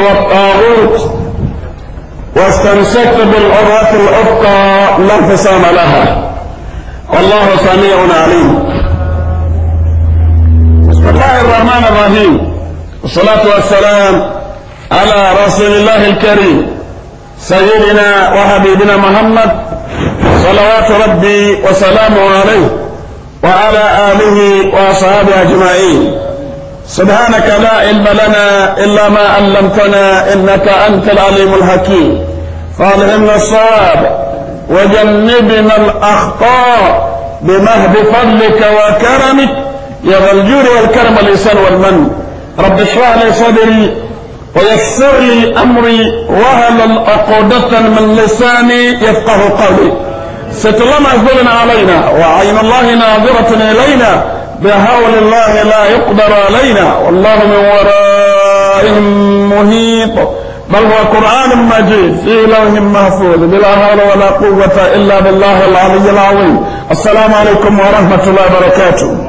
والطاغوت واستمسكت بالعروة الأفقى لا انفصام لها والله سميع عليم بسم الله الرحمن الرحيم والصلاة والسلام على رسول الله الكريم سيدنا وحبيبنا محمد صلوات ربي وسلامه عليه وعلى آله وأصحابه أجمعين سبحانك لا علم لنا إلا ما علمتنا إنك أنت العليم الحكيم فألهمنا الصواب وجنبنا الأخطاء بمهد فضلك وكرمك يا ذا الجود والكرم والإحسان والمن رب اشرح لي صدري ويسر لي أمري وهل عقدة من لساني يفقه قولي ست ظلم علينا وعين الله ناظرة إلينا بهول الله لا يقدر علينا والله من ورائهم محيط بل هو قرآن مجيد في لوح محفوظ بلا حول ولا قوة إلا بالله العلي العظيم السلام عليكم ورحمة الله وبركاته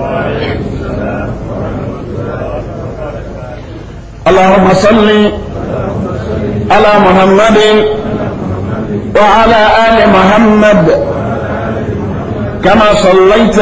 اللهم صل على محمد وعلى آل محمد كما صليت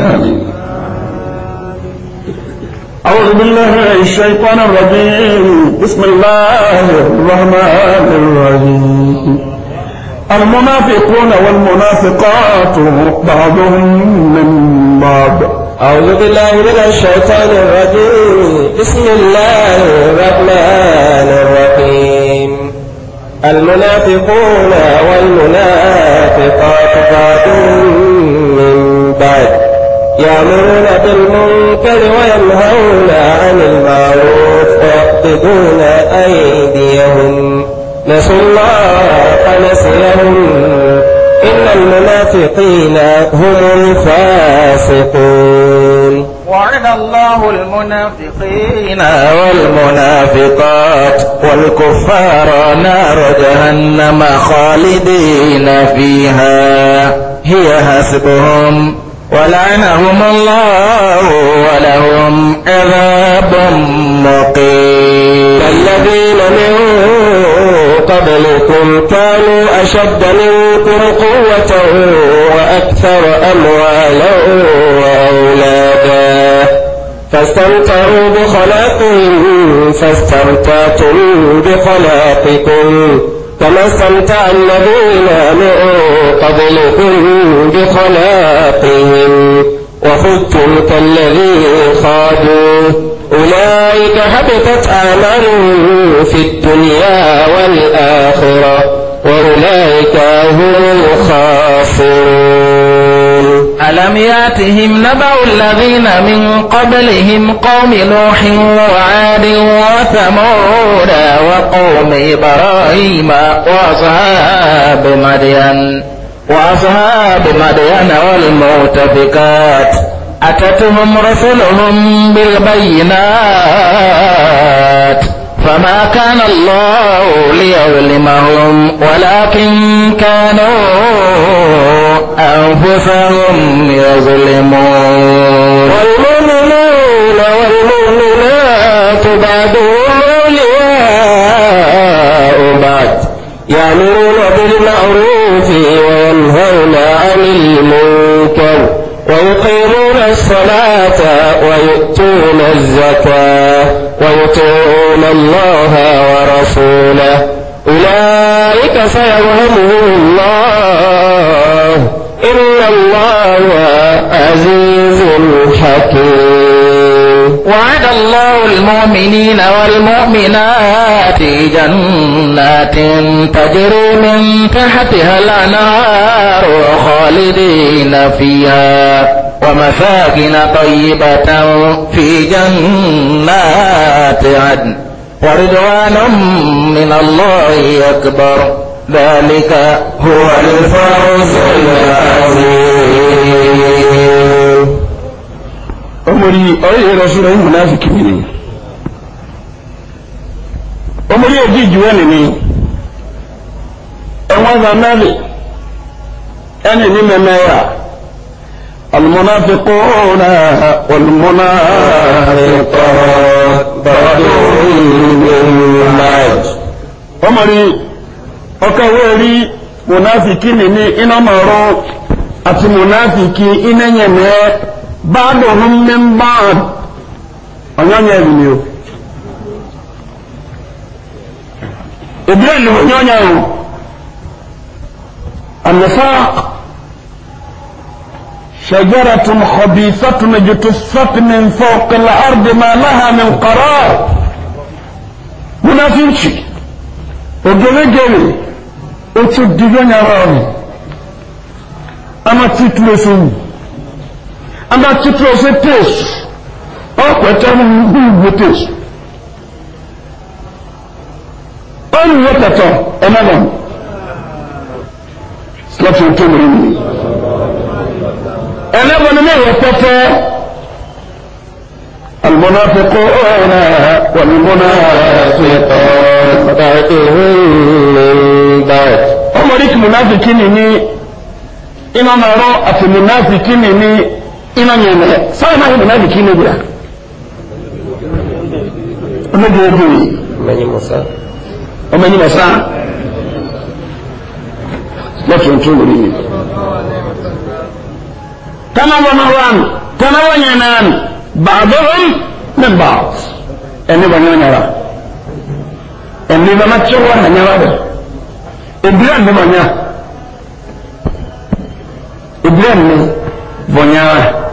آمين أعوذ بالله من الشيطان الرجيم بسم الله الرحمن الرحيم المنافقون والمنافقات بعضهم من بعض أعوذ بالله من الشيطان الرجيم بسم الله الرحمن الرحيم المنافقون والمنافقات بعضهم من بعض يأمرون بالمنكر وينهون عن المعروف ويقبضون أيديهم نسوا الله فنسيهم إن المنافقين هم الفاسقون وعد الله المنافقين والمنافقات والكفار نار جهنم خالدين فيها هي حسبهم ولعنهم الله ولهم عذاب مقيم الذين من قبلكم كانوا أشد منكم قوة وأكثر أموالا وأولادا فاستمتعوا بخلاقهم فاستمتعتم بخلاقكم كما استمتع الذين من قبلكم بخلاقهم وخذتم كالذي خادوا أولئك هبطت أعمالهم في الدنيا والآخرة وأولئك هم الخاسرون ألم ياتهم نبأ الذين من قبلهم قوم نوح وعاد وثمود وقوم إبراهيم وأصحاب مدين وأصحاب مدين والمؤتفكات أتتهم رسلهم بالبينات فما كان الله ليظلمهم ولكن كانوا أنفسهم يظلمون والمؤمنون والمؤمنات بعضهم أولياء بعض يأمرون بالمعروف وينهون عن المنكر ويقيمون الصلاة ويؤتون الزكاة ويطيعون الله ورسوله أولئك سيرهمهم الله إن الله عزيز حكيم وعد الله المؤمنين والمؤمنات جنات تجري من تحتها الأنهار خالدين فيها ومساكن طيبة في جنات عدن ورضوان من الله أكبر ذلك هو الفوز العظيم omori oyera sura y'umunafiki biri omori ejijuwe nini enwaza nabi ene memeya المنافقون والمنافقات بعضهم من بعض omori okaweri munafiki nini e e inomoro ati báàdùn min báàd ọ̀nyọ́nyẹ́ ẹ̀rù ni o ìbílẹ̀ ni ọ̀nyọ́nyẹ́ ẹ̀rù النفاق شجرة خبيثة اجتثت من فوق الأرض ما لها من قرار munafinci ogere-gere otu dibe nyara ọrụ ama titule sonyi And that it? ama titiri ose teesu ɔkwɛtɛ no hu hu teesu ɔnwó tɛtɛ ɛnɛ nɔ silasi o tóbi ni ɛnɛ bɔ ne yɛ tɛtɛ المنافقون والمنافقات بعدهم من بعد أمريك منافقين إني إنما رأت منافقين إني ina nye mɛ sábà náà yóò náà bìkí níbi rà ọmọ ìdí ojú yìí ọmọ ẹni mọ̀sá lọ́tún tún wòlé yìí. kama wọn náà wà nù kama wọn yẹn náà nù bàbáwọn ní bàá ẹni wọn náà nyara ẹni wọn náà tí wọn náà nyara bẹ ebire ẹni wọn nyara ebire ẹni wọn nyara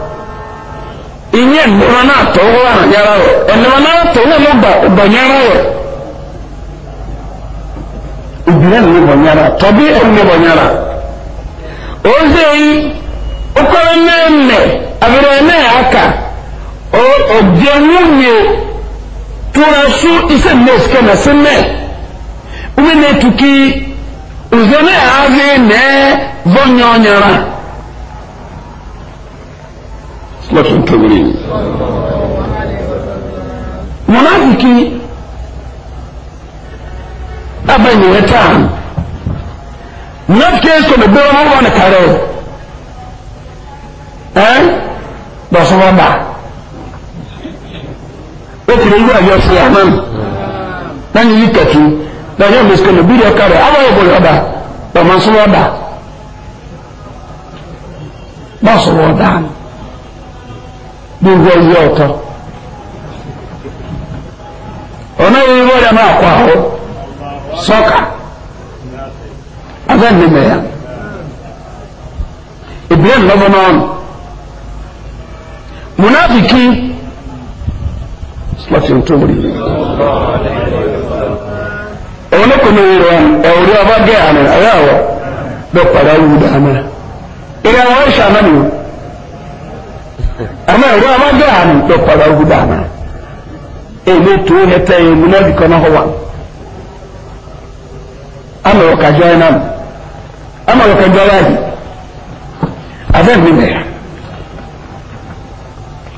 inye ndona na togo wana nyarawo enema na togo no ba ba nyarawo ubira ni ba nyara tobi en ni ba nyara ozei ukoro nemme abiro ne aka o ojenye tura su ise meske na semme ume ne tuki uzone ave ne vonyo nyara lọ́sùn kẹwìrì mọ̀nàfìkì abẹ́yìn rẹ̀ tán mọ̀nàfìkì ẹ̀sọ́ lè bẹ́ẹ̀ wọ́n wọ́n ní kárẹ́ ẹ̀ lọ́sùn wọn bá ó ti rí wíwá yọ sí àná lẹ́yìn yìí kẹ̀tù lẹ́yìn ọ̀gbẹ́sìkò lè bí rẹ̀ kárẹ́ àwọn ọ̀gbọ̀n yọ̀ bá lọ́mọ sọ́wọ́ bá lọ́sùn wọn dáná. n'ugwu ọzọ ọtọ ọ naghị ebe ọrịa na-akwa ahụ sọka aga n'ime ya ebire nnọbụ n'ọnụ munafiki slọtị wuru ọnụ ọrụ ọba gị anụ agha awọ dọkpara iwu ịrịa ọ ịsha ama ɛwɔ ama bɛ a mu bɛ kɔla ogu da ana ene tu ne mu ama ka jɔ ɛnam ama wɔ ka jɔ ɛyadi mi bɛ ya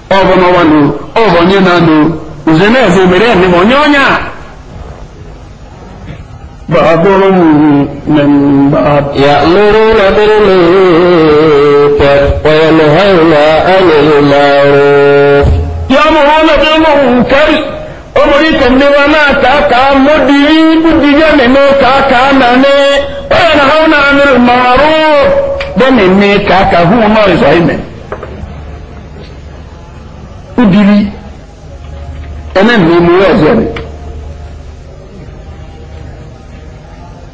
ɔbɔ no ɔbɔ nye na no ozɛ na ɛzɛ mɛrɛ ɛnɛ onye a. بعضهم من بعض يأمرون بالمنكر وينهون عن المعروف يأمرون بالمنكر أمريكا بما كاكا مدري بدي ما كاكا مني وينهون عن المعروف بني مي كاكا هو نوي زعيمة مدري أنا مي موازي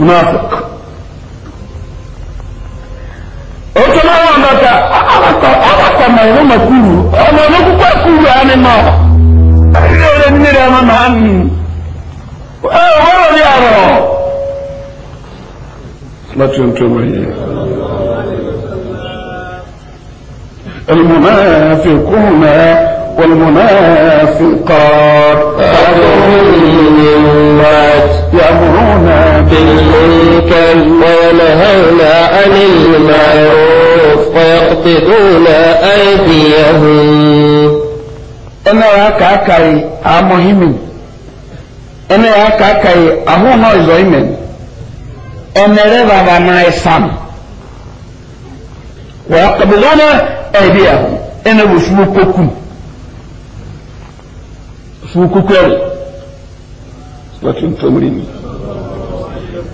منافق otu na ọrụ ndọta agbata ma ịhụ ma kwuru ọma n'okwukwe kwuru anyị ma ndị ole mmiri ama na anyị ee ọrụ dị arọ lati ntụ onwe المنافقون والمنافقات يأمرون بالمنكر وينهون عن المعروف ويقبضون أيديهم أنا يا كاكاي أمهم أنا يا كاكاي أهونا زويمن أنا رضا ما يسام ويقبضون أيديهم أنا بسمو كوكم fuku kweli watu mtomrini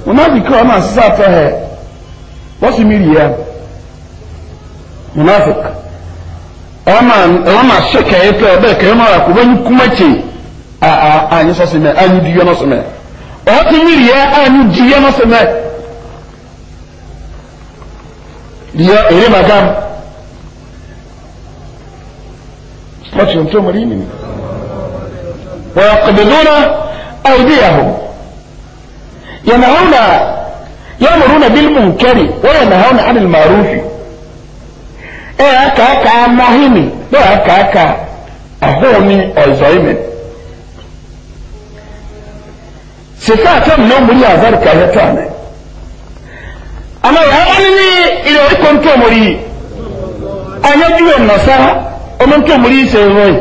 unafika wana sasa he wasi mili ya unafika ama ama sheka yetu ebe kema ya kubanyi kumache a a anyi sasa me anyi diyo no sema wati mili ya anyi diyo no sema diyo ere magam watu mtomrini ويقبضون أيديهم ينهون يأمرون بالمنكر وينهون عن المعروف أكا أكا إيه أكا أكا إيه أهوني أيزايمن صفات النوم اللي أذرك يتعنى أنا أعني إلى أكون كمري أنا جوا النصارى أمم ومن كمري سيغوي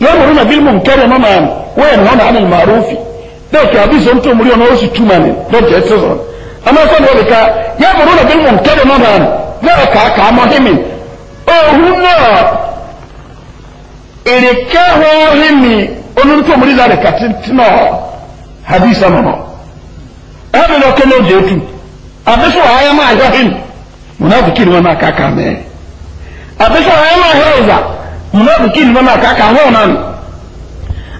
yamuruna bil munkari mama wa yanhauna 'anil ma'ruf da ke abi son to muriyo na wasu tumane da ke tsoro amma san da ka yamuruna bil munkari mama da ka ka muhimmi o hunna irike ho himi onun to muri zare katin tino hadisa mama abin da kan je tu abin so haya ma ya hin munafikin wa ma ka ka me abin so haya ma ya munafikin mana kaka honan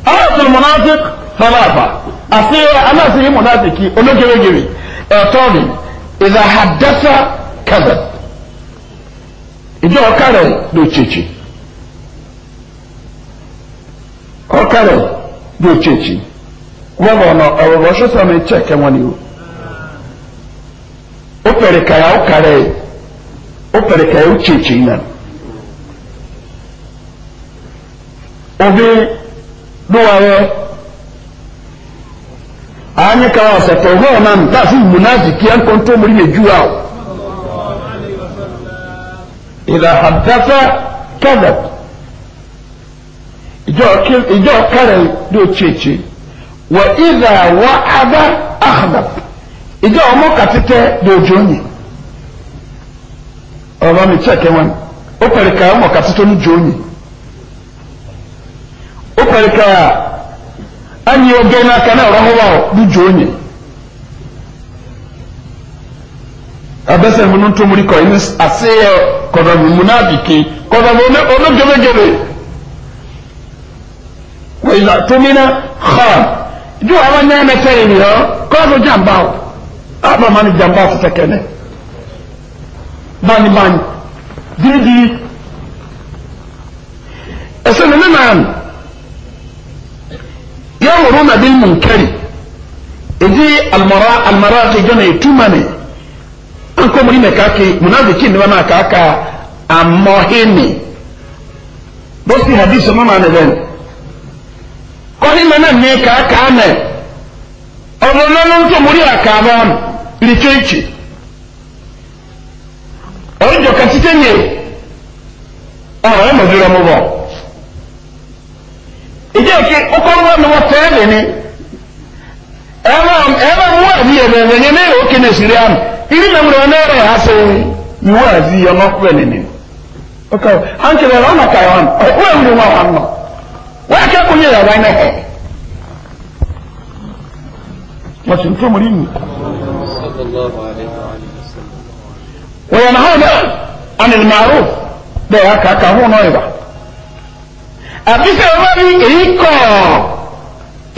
ayatul munafiq salafa asiye ana siye munafiki ológerégere ẹtọni ìdá hadasa kazab ìjọ ọkàrẹ lóchèchì ọkàrẹ lóchèchì wọn bọ ọnà ọrọrọ ṣọṣọ mi chẹkẹ wọn ni o ó pẹrẹ kàyà ó kàrẹ ó pẹrẹ kàyà obi duwaye anyi ka wa sɛtɔ hɔn nan ta fi munafiki an kɔntɔ mori ne juwa o ìlà hadasa kẹlẹ ìjọ kẹrẹ ló tsetse wa ìlà wà ada ahmed ìjọ ọmọ katitẹ ló jọ nyi ọba mi tsẹ kẹwọn ó pẹlẹ ká ọmọ katitẹ ló jọ o kɔni ka ani o gɛnna kana ɔrɔhɔba du jo nye abɛsɛ minnu tomori kɔ ɛni ase yɛ kɔdɔbi munafiki kɔdɔbi ono ono gebegebe wɛyila tomina xɔ ju awa nyɛ mɛ fɛ yen yɔ kɔɔso jamba o aba ma ni jamba tɛ kɛnɛ bani bani didi ɛsɛ nana naani yamuruna bil munkari idi almara almara ti jona itumane an ko muri mekaki munafiki ni wana kaka amohini bosi hadisi mama ne ben ko ni mana ne kaka ne obono no to muri akaba ri chechi ojo katitenye ọ̀rọ̀ ẹ̀ mọ̀júra mọ́ bọ̀ ìjẹ́ òkè ọkọ̀rọ̀ wọn wọ́n tẹ́ ẹ̀mí ni ẹ̀rọ wọ́n àbí ẹ̀rọ ẹ̀yẹ ní òkè ní ìṣìrí àmì ìrí mẹ́mìrì ọ̀nà ẹ̀rọ àṣẹ ìwọ́ àbí ọmọkùnrin nìní ọkọ̀ àǹkẹ̀rẹ̀ ọ̀nà kàwọn ọ̀wọ́ ẹ̀rọ wọn wà nọ wọ́n akẹ́kọ̀ọ́ yẹ ìyàwó ẹ̀nà ẹ̀ wọ́n ti ń tó mọ̀rí mi. wọ́n yẹn náà àbísẹ̀ ọba rí èyí kọ̀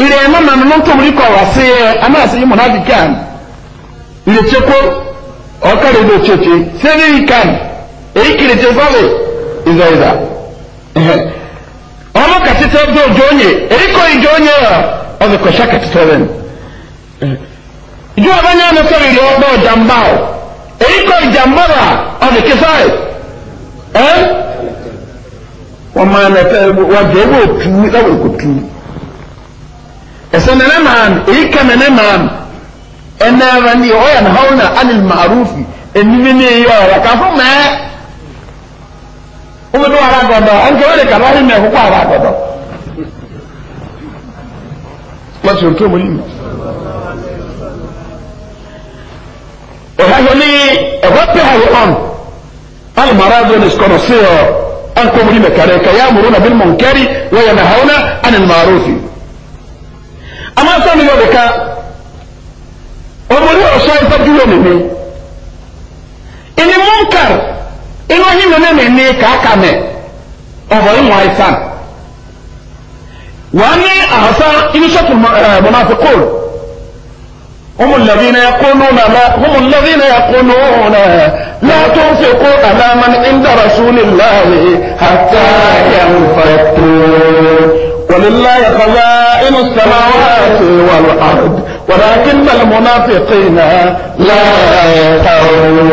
ilẹ̀ ẹ̀mọ́ màmí ló ń tó orí kọ̀ wá sí ẹ amáàsí yìí mọ̀nàbí kan ilẹ̀ tí kó ọ̀kàrẹ̀ ìlú òtítì sẹ́ni kan èyí kiri tí sọ́ọ̀lì ìzọ ìzà ọmọ kàtítọ́ bí ojú onye èyí kọ̀ ìjọ onye ọ̀ ọ̀sẹ̀ kọ̀ṣà kàtítọ́ rẹ̀ ìjọ ọba ní àná sọ̀rọ̀ ìlú ọgbà ọ̀jàmbá ọ̀ èyí kọ̀ ìjàmbá rà ọ̀dẹ̀kẹ́sọ̀rẹ̀ ẹ̀ wɔmaa na ɛfɛ wɔdze ɛwɔ otu ɛwɔ ekotu ɛsɛ nana maam eyi ka nana maam ɛnaara ne ɔyɛ na haw na anil maarufi enimi ne eyi ɔyɛ wakafo mɛɛ wɔn do ara gɔdɔ ɔnkɛ wɔde ka lɔri mɛ koko ara gɔdɔ wɔsi o mi ɔhahɛ ni ɛhɔ pe ha yi ɔn alimara an ko muri da kare ka ya'muruna bil munkari wa yanhauna 'anil ma'ruf amma sai ni yau da ka omori ọsọ ìtọ́júwò nìmi ìní munkar inú yìí nínú mi ní kàákà mẹ ọ̀bọ̀ ìwọ̀n àìsàn wàá ní àhásá inú sọ́kù mọ̀nàfíkòrò هم الذين يقولون لا هم الذين يقولون لا تنفقوا على من عند رسول الله حتى ينفقوا ولله خزائن السماوات والارض ولكن المنافقين لا يفعلون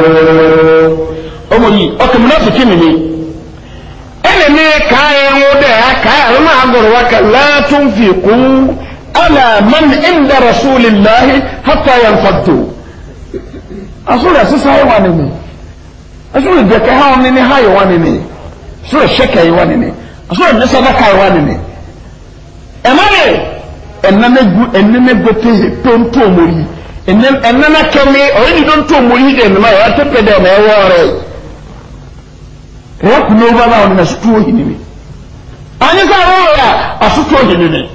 أمي أوكي منافقين لي أنا ليه كاين وده كاين ما أقول لا تنفقوا ala man inda rasulillahi hatta yanfaddu asura sisa yi wani ne asura jaka ha wani ne ha yi wani ne asura shaka yi wani ne asura nisa na ka yi wani ne ɛnane ɛnane gu ɛnane gote tonto mori ɛnane ɛnane kɛmɛ ɔyɛ ni tonto mori de ɛnana yɛ ɔtɛ pɛ dɛ ɔmɛ ɛwɔɔrɛ ɛyɛ kunu ɔba na ɔnana sotuo hinimi anyi sɛ ɔwɔ yɛ asotuo hinimi.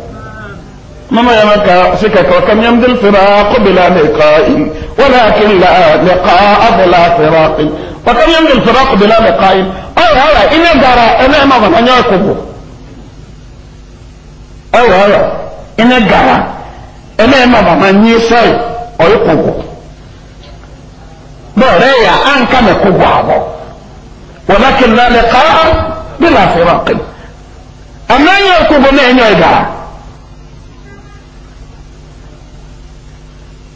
مما يمك سكك وكم يمضي الفراق بلا لقاء ولكن لا لقاء بلا فراق وكم يمضي الفراق بلا لقاء أو هلا إن دارا أنا ما ظن أن يكبر أو هلا إن دارا أنا ما ظن أن يسوي أو يكبر بوريا أن كان يكبر ولكن لا لقاء بلا فراق أما يكبر من يدارا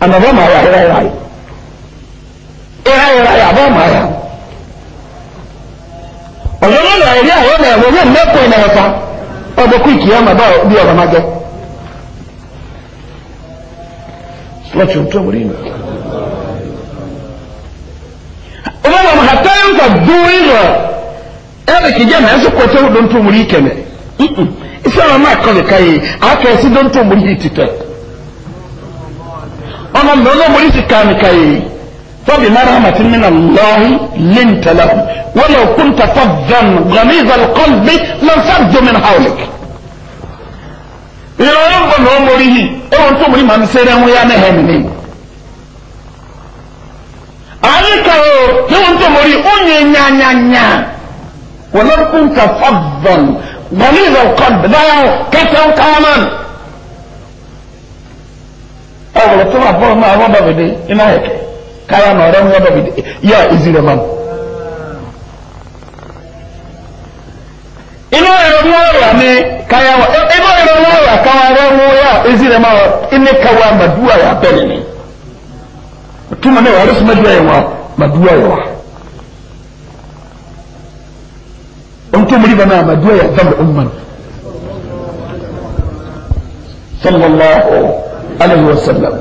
ama ba ma ya ira ira yi ira ira yi aba ma ya ọ̀dọ́ náà lọ ẹ̀rí àwọn ọmọ ẹ̀wọ̀n yóò mẹ́kọ̀ọ́ ẹ̀ ẹ̀fà ọdún kú ìkìyà màbá bí ọ̀rọ̀ máa jẹ́ lọ́tún tó wọlé nù. ọmọ ọmọ hàtá ń kà dúró rọ ẹ̀rì kìjẹ́ náà ẹ̀sùn kọ́ tó dọ́ntò wọlé ìkẹ̀lẹ̀ ìsọ̀rọ̀ máa kọ́ nìkan yìí àákẹ́ ọmọ mi ọmọ mo ní sì ká mi ká yìí fọbi marhamati min allahi linta lahum walaw kunta faddan ghaliza alqalbi lanfaddu min hawlik ìrọ̀rùn bọ̀ ní ọmọ orí yìí ẹ̀wọ̀n tó mọ̀rí màá ń sẹ́rẹ̀ ń yá mẹ́hẹ́ mi ní. àyíká o ẹ̀wọ̀n tó mọ̀rí ó nyẹ nyányányá wọ́n lọ́kùnkà fọ́bọ̀n gbọ̀nìyàn kọ́ńdà dáhùn kẹtẹ́ ń káwọn náà. ọ̀rọ̀ tó wà fún ọmọ àwọn ọ̀dọ̀bìdì eke ẹ̀kẹ́ kára nà ọ̀rọ̀ ọ̀dọ̀bìdì ya ìzì rẹ̀ mọ́n. inú ẹ̀rọ ní ọ̀rọ̀ ni káyà wọ inú ẹ̀rọ ní ọ̀rọ̀ káwà rẹ̀ wọ yà ìzì rẹ̀ mọ́ iná káwà màdúwà yà bẹ̀rẹ̀ ni túmọ̀ náà wàlúùsù mẹ́jọ yẹ wà màdúwà yẹ alaihi wasallam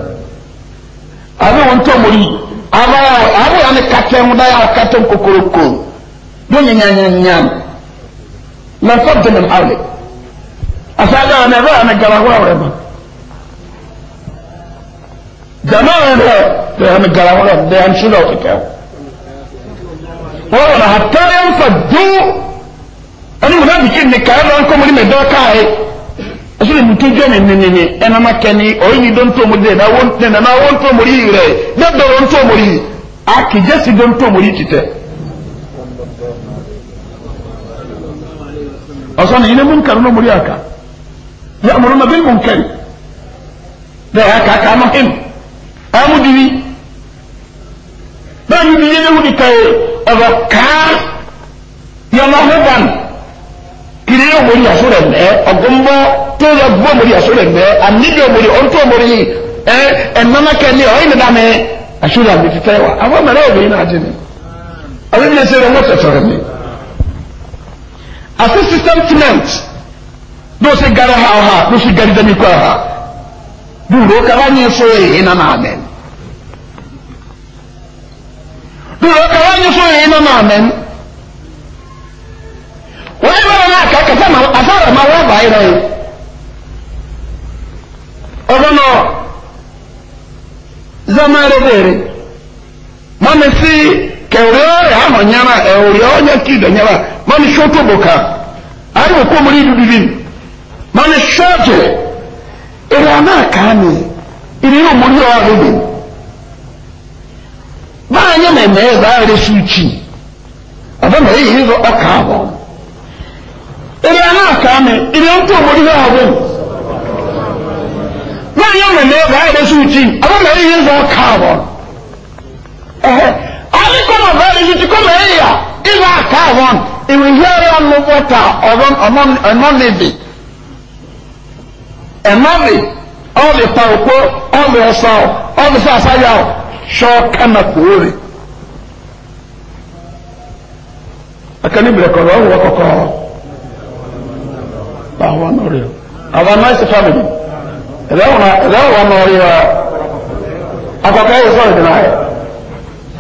abe wọn tó mori aba abe wọn kata mu daya kata kokoroko do nya nya nya na fadda min arli asada na ba na gaba wa wa ba jama'a da da na gaba wa da an shura ta kawo wa na hatta yan faddu an mun da kin ne kayan an kuma ne da kai ɛsɛnɛ mutu jɔ ne nenene ɛnama kɛni ɔyini dɔn tó mori dɛ na wɔn nana na wɔn tó mori yɛrɛ ne dɔ wɔn tó mori a kìjɛ si dɔn tó mori titɛ. ɔsɔn ni inamu nkari no mori aka ya mɔrɔ ma bɛ mu nkari dɛ aka aka ama him amu dibi bɛɛ mi bi yɛlɛ wuli ka ye ɔbɛ kaa yamahu ban kiri yɛ wuli aso dɛ ɔgbɔnbɔ tó yọ gbó mori àsúrò ẹgbẹ àníbi omori ọ̀ntò omori ẹ ẹnanakẹ ni ọyìn nìdá mi àsúrò àmì títẹ wa àwọn mẹrẹ obìnrin náà dín ní àwọn ìbílẹ̀ sẹ́yìn wọ́n tẹ̀sọ̀rọ̀ mi. àti system tenant ló ṣe gari ha ọha ló ṣe gari dẹ́mi kọ́ ọha dúró kaba ní so èyí nà náà mẹ́n dúró kaba ní so èyí nà náà mẹ́n wọ́n yẹ bá wọn náà kà kẹsàn-án ọdọnọ zamare bere mami si kẹwìrẹ ahọ nyara ẹwìrẹ ọnyẹ ti dọ nyara mami sọtọ bọka ayi wò kó mori dudu bi mami sọtọ èrè àná kàánì ìdí yóò mori ọ àdúgbò báà nyẹ mẹmẹ ẹ báà rẹ sùn kyi ọdọnọ yìí yìí ọkà àbọ èrè àná kàánì ìdí yóò tó mori ọ àdúgbò wọ́n yẹ wọ̀n lé wàá yẹ sùn tì àwọn mẹ̀rẹ̀ yẹn zọ káàbọ̀ ẹ̀hẹ́ àbí kọ́mọ̀ bẹ́ẹ̀ lè sùn tì kọ́mọ̀ ẹ̀ yà ìwà káàbọ̀ ìwé yẹ́rẹ́ ọ̀nù wọ́tà ọ̀nọ́nìbì ẹ̀nọ́nì ọ̀lì pàrọ̀kọ ọ̀lì ọ̀sà ọ̀lì sàṣàyà ṣọ́ kánà kúrè. akanibire kọ̀ọ̀rọ̀ ọ̀wọ́ kọ̀ọ̀kọ̀ àwọn náà No àwọn náà nice family. الأغنى الأغنى النارية أتوقع أي صارت معايا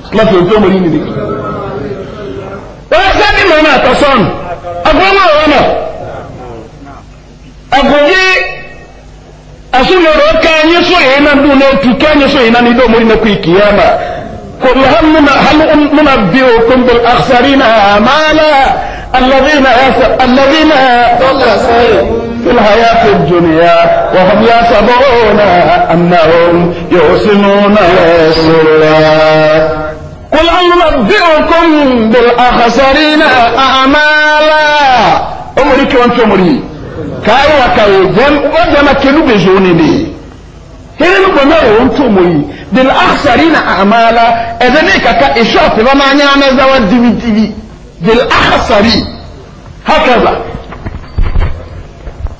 أطلت لأنتم مريني دي ويحسن ما مات أصلا أقوم أغنى أقوم asumero kanye so ina ndune tu kanye so ina nido muri naku ikiyama قل هل هل ننبئكم بالاخسرين اعمالا الذين الذين ضل سعيهم في الحياة الدنيا وهم يحسبون أنهم يحسنون رسولا قل أنبئكم بالأخسرين أعمالا أمريك وأنت أمري كاي وكاي جم وجم كنو بجوني دي كنو نقول أنت أمري بالأخسرين أعمالا إذا نيكا كإشاف وما نعمل زوال دي بالأخسرين هكذا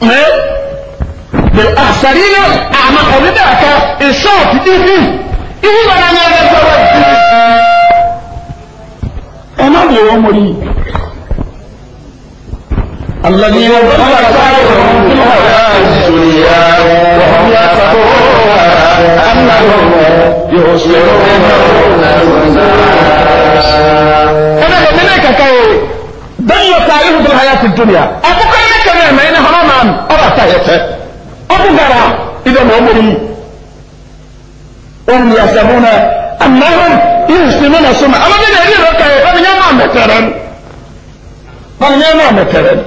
àṣàríyàn àmà onídàáká ìṣọ́ọ̀tì dìbì ìdí bàbá ní ẹgbẹ́ sọ́wọ́ ìdílé. ẹ má lè wọ́n mọ̀ yìí. الذي يبقى خيرهم في الحياة الدنيا وهم يتقون أنهم يصلحون الناس. أنا بمنك كي دل صالح في الحياة الدنيا. أبقى ẹ̀kẹ́ náà mẹ́rin náà hàn án ọ̀rọ̀ àtàyẹ̀tẹ̀ ọdún gara ilé wọn mọ̀ yìí. Omi ẹ̀sẹ̀mú náà àmọ́ràn yìí sí mímọ̀ súnmọ́ àwọn ọmọdé yẹn lọ kàyẹ̀ bá mi yẹn náà mẹ̀tẹ̀rẹ̀ ni. Bá mi yẹn náà mẹ̀tẹ̀rẹ̀ ni.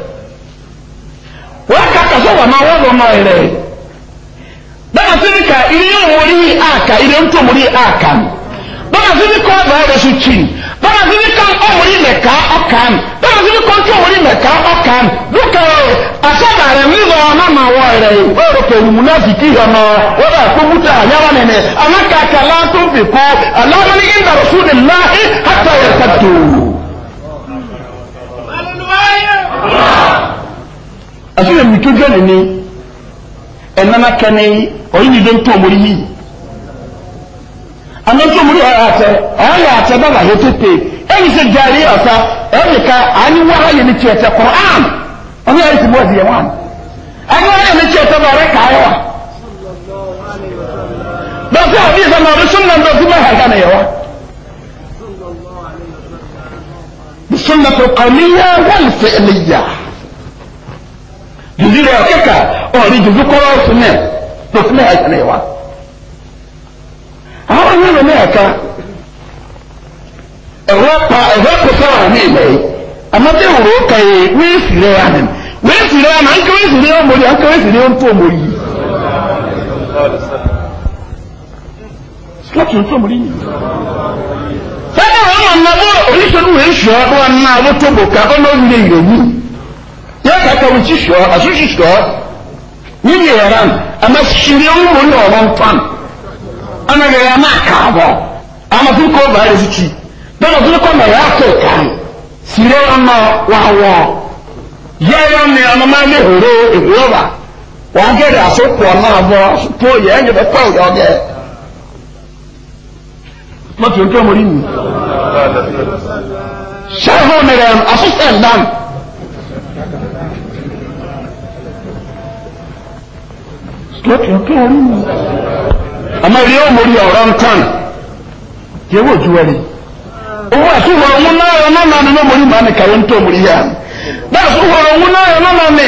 Wọ́n kà kàṣọ wà máa wọ́n lọ máa rẹ̀. Bẹ́ẹ̀ sí ni ká ilé yóò wọlé àkà ilé ń tó wọlé àkà ni bọ́lá sí ní kọ́ báyìí sùn tì bọ́lá sí ní ká ọ̀wọ́rí mẹ̀ká ọ̀kan bọ́lá sí ní kọ́ tí ọ̀wọ́rí mẹ̀ká ọ̀kan dúkà o àṣàbà rẹ̀ ń lọ ọ̀nà máa wọ rẹ̀ o ó rò pé òun náà fi kí ọmọ wọ́n bá kó múta àyàwó nìyẹn alákàkà látó fi kọ́ aláwọ̀ ní ìdàrọ̀ sùn ní láhí àtàwẹ̀ tàtó. àṣìlẹ̀ mi tó jẹ́ nìyí ẹ̀ nana kẹ́ni ọ̀yìn ìdó ń tó ọmọ yìí anọ́tún mú ọ̀rọ̀ àtẹ ọ̀rọ̀ àtẹ bàbá yẹn tó pè ẹ̀yì sẹ jàre ọ̀sá ẹ̀yì ká àní wá ayé ni tiẹ̀ tẹ kọ̀ọ̀ àn ọ̀nà ẹ̀yì sì mú ọ̀dì yẹn wà ní. àní wá ayé ni tiẹ̀ tẹ bàrẹ̀ káyé wa. dọ́kítà àbí ìsọ̀nà ọ̀rọ̀ súnmọ́ dọ́kítà hàgá nà yẹ wa. súnmọ́ tó kọ̀ọ̀lìyà wọ́n fẹ́ ẹlẹ́yà. jùdí rẹ̀ ọ̀kẹ́kà ọ̀rí jùdú kọ́rọ́ àwọn yẹn lọ mẹ́ẹ̀ka ẹ̀họ́ pa ẹ̀họ́ pẹ̀sẹ̀ wà ní ilẹ̀ yìí àmọ́tẹ́ òwúrọ̀ ó kẹ́yẹ wíìsì rẹ̀ yà nìyẹn wíìsì rẹ̀ yà nà ń kẹ́wéèsì rẹ̀ ó mọ̀lì à ń kẹ́wéèsì rẹ̀ ó ń tó mọ̀lì yìí. slọ́ọ̀tì ń tó mọ̀lì yìí. sẹ́ni wọn mọ̀ nà bọ́ oníṣègùn rẹ̀ sùọ́ bọ́ wọn náà ló tó bò ká ọ́nà òwúrẹ̀ ìròyìn yẹ kàkà wọ́n ti sùọ́ àṣùṣù sùọ́ yíyẹ yàrá àmọ́ ọmọ rẹ̀ yà máa kà á bọ̀ àmọ̀ fún kó bàá rẹ̀ sí ti bẹ́ẹ̀ lọ́dún kọ́ mọ̀ yà á tó ìka ni sílẹ̀ ọmọ wà wọ̀ yẹ́rọ ni ọmọ máa lè hòró èwé ọ̀bà wọ́n gẹ̀rẹ̀ àsopọ̀ náà bọ̀ tó yẹ ẹ̀yẹ bẹ́ẹ̀ pẹ́ òyà ọ̀gẹ́ mọ́tò tó mọ̀ rí mi. sẹ́hó mi rẹ̀ àsopọ̀ ẹ̀ dánù. Stop your car àmọ́ ilé ó mórí ọ̀rọ̀ ń tán yẹwò ju ẹni owó àtúwọ̀ ọ̀hún náà ọ̀nà náà ni mórí màá ní kàwé ń tó mórí yá bẹ́ẹ̀ àtúwọ̀ ọ̀hún náà ọ̀nà náà ni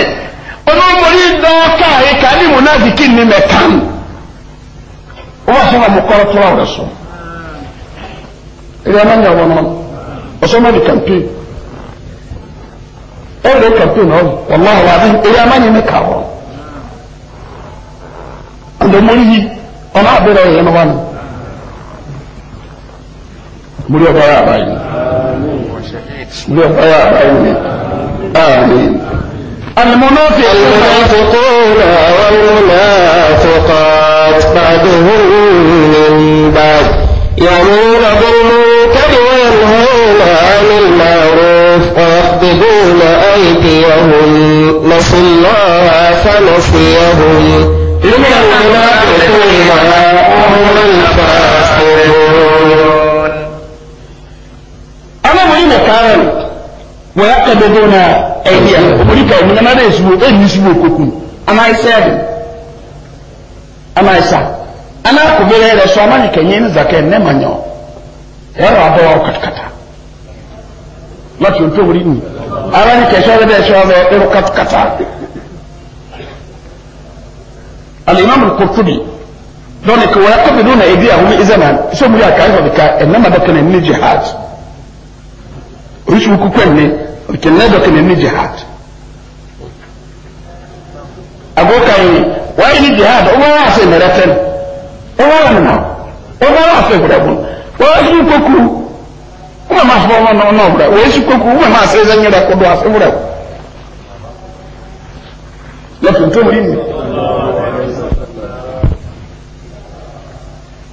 ọ̀nà mórí dọ́ọ̀ká ẹ̀ka ní mùnáfíkì ní mẹ́tàn owó àtúwọ̀ mú kọ́ tó ọ̀rọ̀ sọ ilé ọmọ ìyàwó náà ọ̀sọ́ mọ́ ní campaign ẹ̀rọ campaign náà wọ́n náà wà ní ilé ọmọ ìyàwó náà kàwọ́ àndọ̀mọ́rí yìí ọmọ àbúrò yẹn wọn nù múlí ọkọ yà bá yìí múlí المنافقون والمنافقات بعدهم من بعد يعملون بالمنكر وينهون عن المعروف ويقبضون أيديهم نسوا الله فنسيهم ọnụ mụe eke na aae e ezuo ooko anaịa ana kụ aa ke e e he katakata. الإمام القرطبي دونك ويقبلون أيديهم إذن سمو يا كايفا بكا إنما دكنا من جهاد ويشبكوا كوني لكن لا دكنا من جهاد أقولك وإن جهاد أولا يعصي مرتن أولا منها أولا يعصي مرتن ويشبكوا kuma masu ba wannan wannan wura wai shi ko kuma masu zan yi rakodo a tsibirau na tuntun ne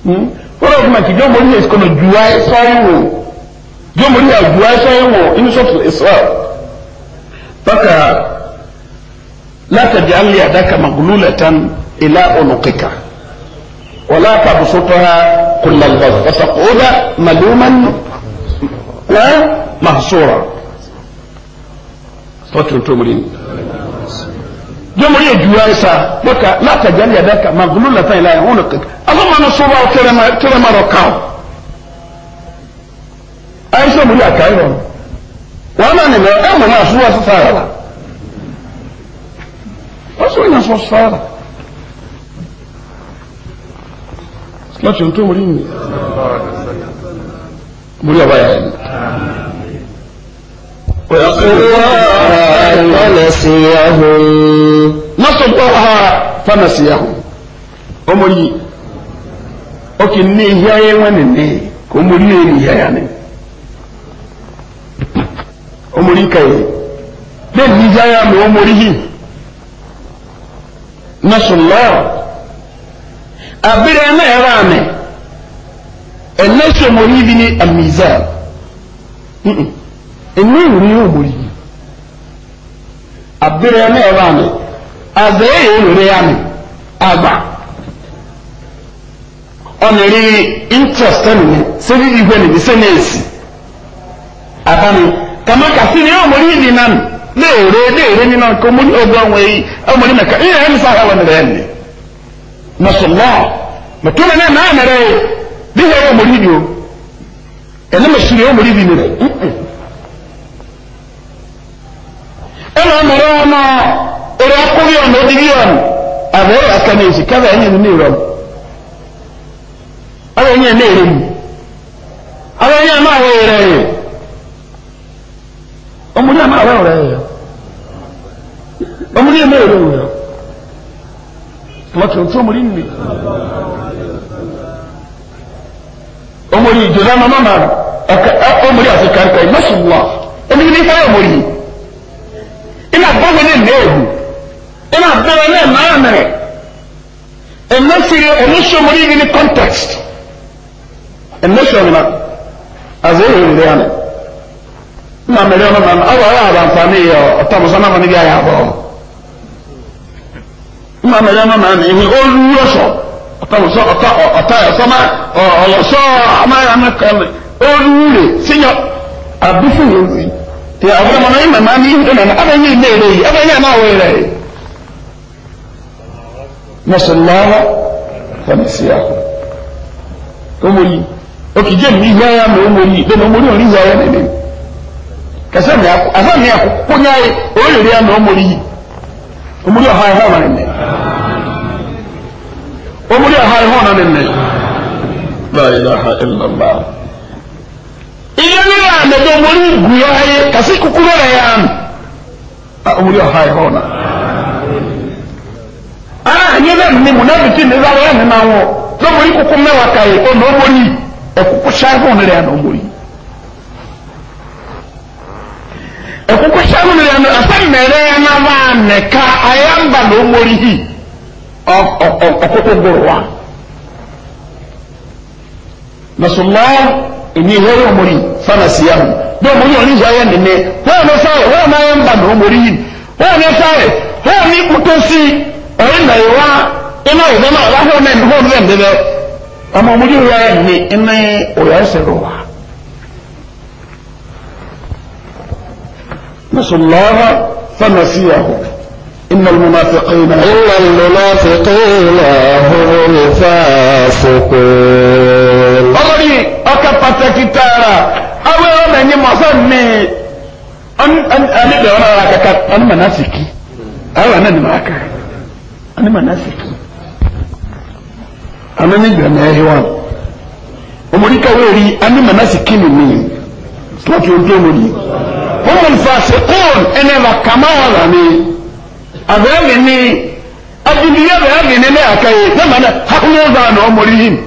Hmm? wọ́n lọ́wọ́ fúnmà kì jọ́ mọ̀ ní èsì kan jùwá ẹ̀sọ́ ìwò jọ́ mọ̀ ní àjùwá ẹ̀sọ́ ìwò inú sọ́tù israel bákà látàdí alẹ́ àdáka magulúlẹ̀tàn ilá olùkíkà wọlá tàbùsọ́tọ́ra kùlàlbàs fasakóódà màlúmán wọ́n eh, mahsura. Tọ́tù tó mú ní jomori ye juya ye sa ne ka n'a ta jali yɛrɛ kan mankulu lafa yi la yan o de ka ala ma na sobaw tɛrɛma tɛrɛma dɔ kan o a ye se mori a kan yɔrɔ wa ma nin bɛ e mɔna a suwa sisan yɛrɛ la o suwa na sɔ sisan yɛrɛ la sinɔ tiɲɛ tó mori nin mori a b'a yɛrɛ ye fanasiyahum omori oke nne ihe anyị nwere nne ka omori na-eri ya ya ne omori ka yi den ni jaya mi omori hi nasunlọ abiri ana yara ame ẹnẹ sọmori bi ni amiza mm -mm ene yiri yɛ omori yi abere ne ɛba ne aza eye olore ya ne agba ɔna interest ne ne sɛbi ihwe ne ne sɛ ne esi aba ne kama kasi ne omori yi ni nan ne ere ne ere ni nan ko omori ogu ɔnwa yi omori mɛka eyi ɛyɛ nisa ha wɔn rɛ ne masalɔ mɛtɔn ne na anara yi bi o ɛne mɛ suri omori yi ni rɛ. ɛna ɔmɔrɔ ɔmɔ ɔrɔ akɔri ɔmɔ ɔdiri ɔmɔ àbọ̀ ɔyọ aka na esi kaba ɛnyɛ no n'ewura mu ɔyọ ɛnyɛ n'ere mu ɔyọ ɛnyɛ ama awɔ yɛrɛ yɛ ɔmɔ ní ama awɔ yɛrɛ yɛ ɔmɔ ní ama yɛrɛ yɛ ɔmɔ tuntun ɔmɔ ní nne ɔmɔ ní ìjọba mama ma ɔmɔ ní àti kankan ìmọ̀sùn wa ɛnìyí ní fáyọ̀ ɔmɔ yìí ina bɔbɔ ne mɛ ewu ina bɔbɔ ne mɛ amɛrɛ ɛmɛ siri ɛmɛ sɔmɔri yi ni kɔntɛkst ɛmɛ sɔmi na azɛ ewu ndé yanni ina mɛrɛ ɔno na awo awo abanfani yɛ ɔtɔmuso náà wọn bi ayɛ abɔ ina mɛrɛ ɔno na ihu oluwuro sɔ ɔtɔmuso ɔtɔ ɔtɔ ɛsɔmɔ ɔyɔsɔ amayɔ amɛkɔ oluwure sinyɔ abufu yɛ nzi tí àwọn ọmọ náà màmá ní ìdúnà náà abẹ́ yìí lé lóyìí abẹ́ yìí àmà wọ̀ rẹ̀ mọ̀sánláwà fàmìsí àkọ́ ọmọ yìí òkè jẹ́ mi ìyá ya mọ̀ ọmọ yìí lẹ́nu ọmọ yìí òní ìyá ya nìyẹn kẹsẹ́ mi àkókò ní ayé òórèrè ya mọ̀ ọmọ yìí ọmọ yìí ọ̀há ẹ̀họ́ ọ̀nà nìyẹn ọmọ yìí ọ̀há ẹ̀họ́ ọ̀nà nìyẹn láyé láhà ẹ̀ ilé ní àmì tó ya anyị yọ ayé kàsí kúkúrú rẹ̀ yá àmì. Omúlé ọ̀ha ẹ̀họ́ ọ̀nà. Ààyè náà ni Mùnàbìtì ní Záró na máa ah, e ya tó mórí kúkú mẹ́wàá kàyè ọ̀nà ó mórí ẹ̀kúkú ṣááfún rẹ̀ èmi ìwé yóò mórí fánàsì yá hùn bí òmòrí òní ìyá yẹn nìyẹn wọ́n mi sáré wọ́n máa ń bà ní òmòrí yìí wọ́n mi sáré wọ́n mi kútó sí ọ̀rẹ́ nà ìwá iná ìwé náà aláhùn náà ìwé òmòrí ẹ̀mí bẹ́ẹ̀ ọmọ òmòrí ìwé yẹn nìyẹn iná òyà ẹsẹ̀ rẹ̀ wá. nasùlọ́wọ́ fánàsì yá إن المنافقين إن المنافقين هم الفاسقون ọmọdé ọkà pàtàkì tààrà awẹ́ ọmọ ẹ̀yìn mọ̀sán mi ọ̀nìbẹ̀ ọ̀nà ara kàkà ọ̀nìmọ̀ náà sì kí àwọn àná ni màá kà ọ̀nìmọ̀ náà sì kí ọ̀nà ní ìgbà náà ẹ̀hìn wọn ọmọdé káwé rí ọ̀nìmọ̀ náà sì kí mi mi tọ́kì ojú ọmọ yìí ọmọ ìfàṣẹ kóòn ẹni ẹ̀fà kàmá wọn rà mí àbẹ̀rẹ̀ mi ni adìmíyẹ bẹ̀rẹ̀ mi ni ní àkàyè náà mọ̀ náà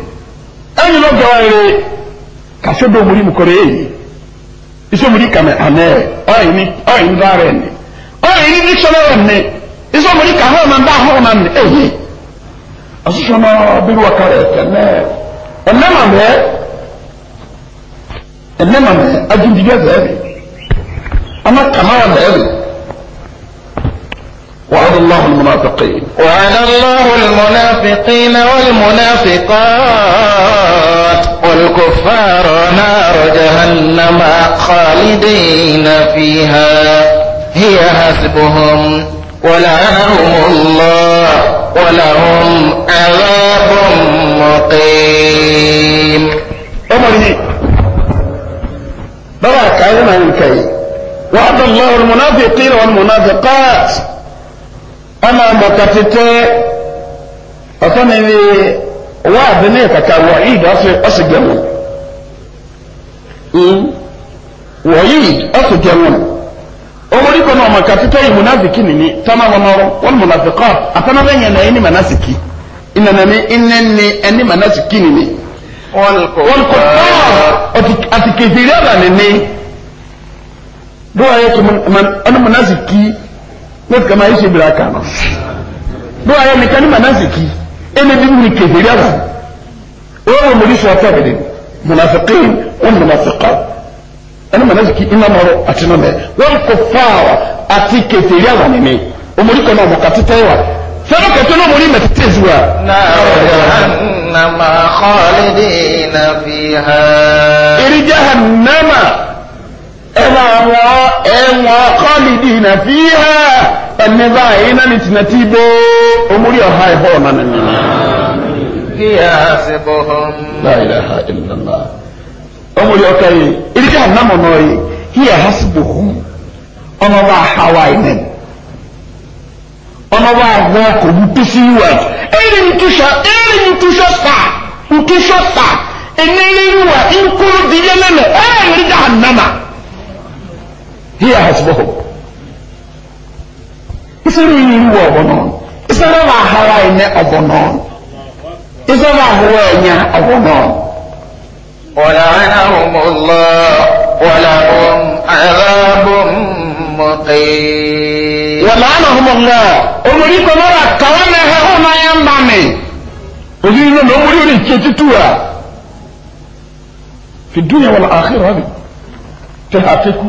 ẹni lọ dọọ ere kase do muri mu kọrọ eyi iso muri kame anẹ ọyìn ni ọyìn dọ ara ẹni ọyìn ni dikisọnẹrẹ ni iso muri ka họn nan da họn nan ni eyi asosọ náà bíi wà kárẹ ẹnẹ ẹnẹ mamẹ ẹnẹ mamẹ adundibẹ bẹẹ bi ama kama wà bẹẹ bi. وعد الله المنافقين وعد الله المنافقين والمنافقات والكفار نار جهنم خالدين فيها هي حسبهم ولعنهم الله ولهم عذاب مقيم أمره بركة لنا الكي وعد الله المنافقين والمنافقات ama mbɔkatete ɔsɛnɛ bi waadi ne kaka wɔ eid ɔsi ɔsi gɛmu hmm? wɔ eid ɔsi gɛmu ɔmɔdi kɔ na ɔmɔkatete yi munafiki nini tama wɔnɔrɔ wɔn munafiki apana bɛ nyɛ na ɛni manasiki ɛnanani ɛnani ɛni manasiki nini wɔn kɔ ɔti ati kefiri nini dɔw yɛ kɛ ɔni munafiki lóòtù kama ayé ṣe bìrà nọ bí wàá yẹ nìkan ní manaziki ẹni bí mi kẹfìrí àrà wọn wọn mọdé sọ ọtọ gidi munafiki wọn munafika ẹni manaziki iná mọrọ àti nọmẹ wọn kò fáwà àti kẹfìrí àrà nìmi ọmọdé kan náà ọmọkà títẹ wà fẹrẹ kẹtọ náà ọmọdé mẹtí tẹ zuwa. nàmà kọ́lídìí nàfìhà. eré ẹ máa wọ́n ẹ̀wọ̀n kọ́lìdì ìnà fi hà ẹni báyìí náà ní tìǹà tí bó omúrí ọ̀há ẹ̀họ́ ọ̀nà nìyí. kí a ṣe bọ̀ hàn. láìlẹ̀ ha ìlànà omúrí ọ̀kẹ́ yìí ìdíkà ànámọ̀ náà yìí kí a ṣe bọ̀ hàn ọmọ bá hawa ìnẹ̀ ọmọ bá wọ́n kò ní tó sí wà ẹ̀rì ní tó sọ ẹ̀rì ní tó sọ wà ń kúrò dìyẹ lẹ́nu ẹ̀rì ní hiya hasbuhum isoro yi wu ọbọ nọ isoro ma ahara ene ọbọ nọ isoro ma ahụwa enya ọbọ nọ. ولعنهم الله ولهم عذاب مقيم ولعنهم الله أمري كمرة كوانا هما ينبامي وزي لنا أمري ولي تشتتوا في الدنيا والآخرة تلعتكم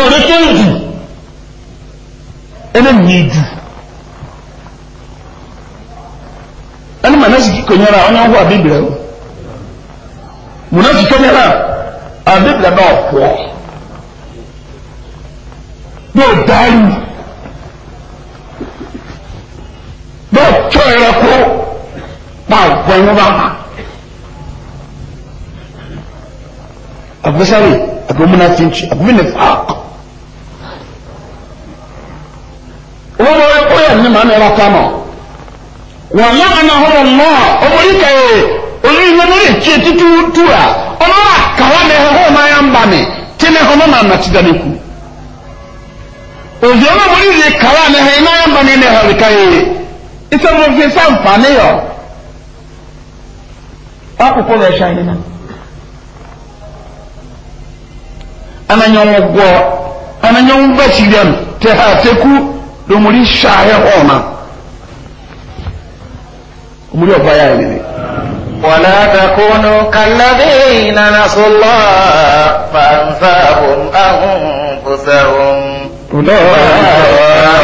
ọ̀rẹ́ tó ń jù ẹlẹ́mìí jù ẹni mọ̀násìkí kò nyẹ́ra ọ̀nyá ń hó àbíbìrẹ̀ o mọ̀násìkí nyẹ́ra àbíbìrẹ̀ náà pọ̀ yóò dáyù yóò tọ́ ẹ̀rọ kó pa ọ̀pọ̀ ẹ̀wọ̀n bá ma. Abubakar Abu Munafinci Abu Munafaq ni màá ní ẹlọ́ta nọ. wọ́n lé ọ̀nà ọ̀hún mọ́ ọmọdé kẹyẹ olórí lórí ìtì títú túra ọlọ́wà kàwá ní ẹ̀họ́ máa yá ń bà mí tí ní ọmọ máa nà ti dáná kú. òjò ọmọ ọmọdé yìí kàwá ní ẹ̀họ́ máa yá ń bà mí ní ẹ̀họ́ rí kẹyẹ. ìsọmọ fi sáǹfà níyọ. akókò lọ ṣáà yín náà. ananyɔnwó gbɔ ananyɔnwó bá ti rẹ̀ tẹ̀ ha tẹ̀ kú omuli shahe ona omuli ovaya enene ولا تكونوا كالذين نسوا الله فانساهم انفسهم أولئك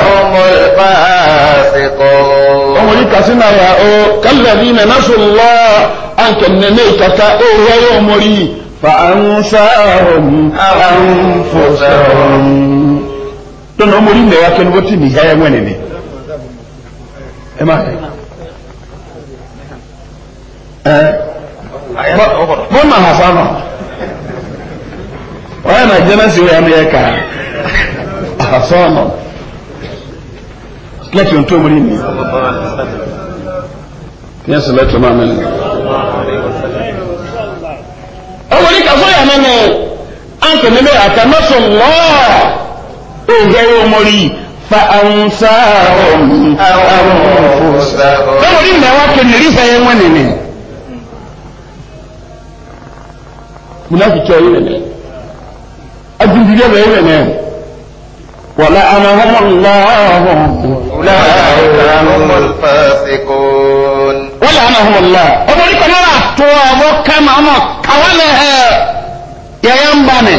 هم الفاسقون أولي كسنا يا أو كالذين نسوا الله أنت النميكة أو يومري فأنساهم أنفسهم don na omori mɛ wakɛ no wɔte mi ha yɛ wɛne ne ɛma ɛ bɔn ma ha fa no ɔyɛ na gyana si wɔyɛ no yɛ ka ha fa no lati on to omori mi yɛ sɛ lati ma mɛn ɔmori ka fɔ yɛ mɛmɛ an kɛ ne bɛ a kana sɔn ìjẹ́wọ́ mọ́rí fa'amsáàrùn àwọn Wàlá àwọn ọmọ Allahun wùlá àwọn ọmọ ìfàṣẹ́kùn. Wàlá àwọn ọmọ Allah. Ọmọ orí kan náà tó ọmọ kẹma ọmọ kàwálẹ̀ ẹ̀ yẹ̀yẹ́ ń bá mẹ́.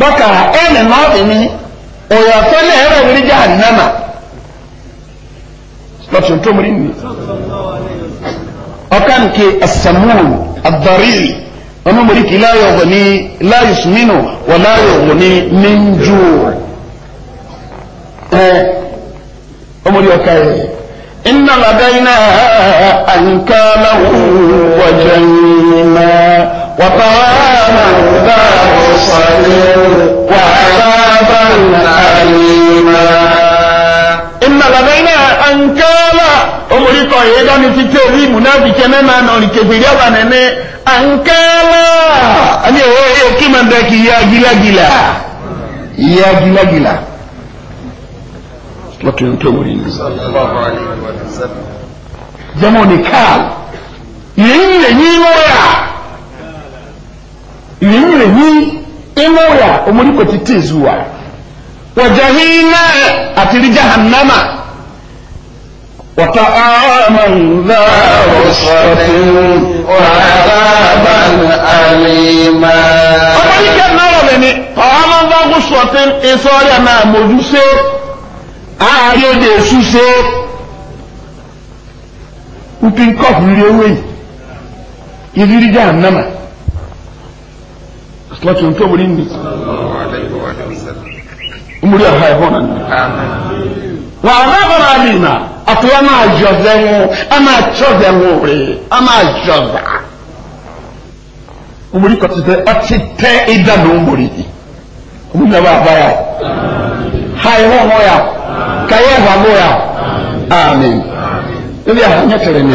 dọ́kà ẹ̀nì nọ́ọ̀dì ni òyàfẹ́ náà ẹ̀rọ ìwé jẹ́ ànínàmà lọ́tún tó múrí nìyí. ọ̀kan ke asamuun adariri ọmọ múrí kì láyọ̀ wọ̀ ní láyọ̀ sùnmínú wọ̀ láyọ̀ wọ̀ inna ladayna ankalahu wa وطعاما ذا صدير وعذابا أليما إن لدينا أنكالا أمريكا يدان في تيري منافق نما نوري كفيريا ونمي أنكالا أني هو يكيما ذاك يا جلا جلا يا جلا جلا lọ́tọ̀ yóò tó wọ́n yìí. jẹ́mọ̀ ní káàl yìnyínní ìmúra omorikò ti tí zuwa wọ̀jẹ̀ hínà àti jahannama wọ̀tọ̀ ọ̀rọ̀ ńlá ọ̀sọ̀tún ọ̀rọ̀ àlìmá. náà ìsọ̀rọ̀ náà ààrẹ òde èṣù salatu yonki omuri ni omuri aha ɛhɔ na ni wa ala bara ali na ama adzɔzɛ ŋu ama adzɔzɛ ŋu re ama adzɔza omuri kɔtɔ tɛ ɔti tɛ ida na omuri yi omuri na ba ya ha ɛhɔ hɔ ya ka yɛ ɛhɔ abo ya amen ebi aha nyɛ tere ni.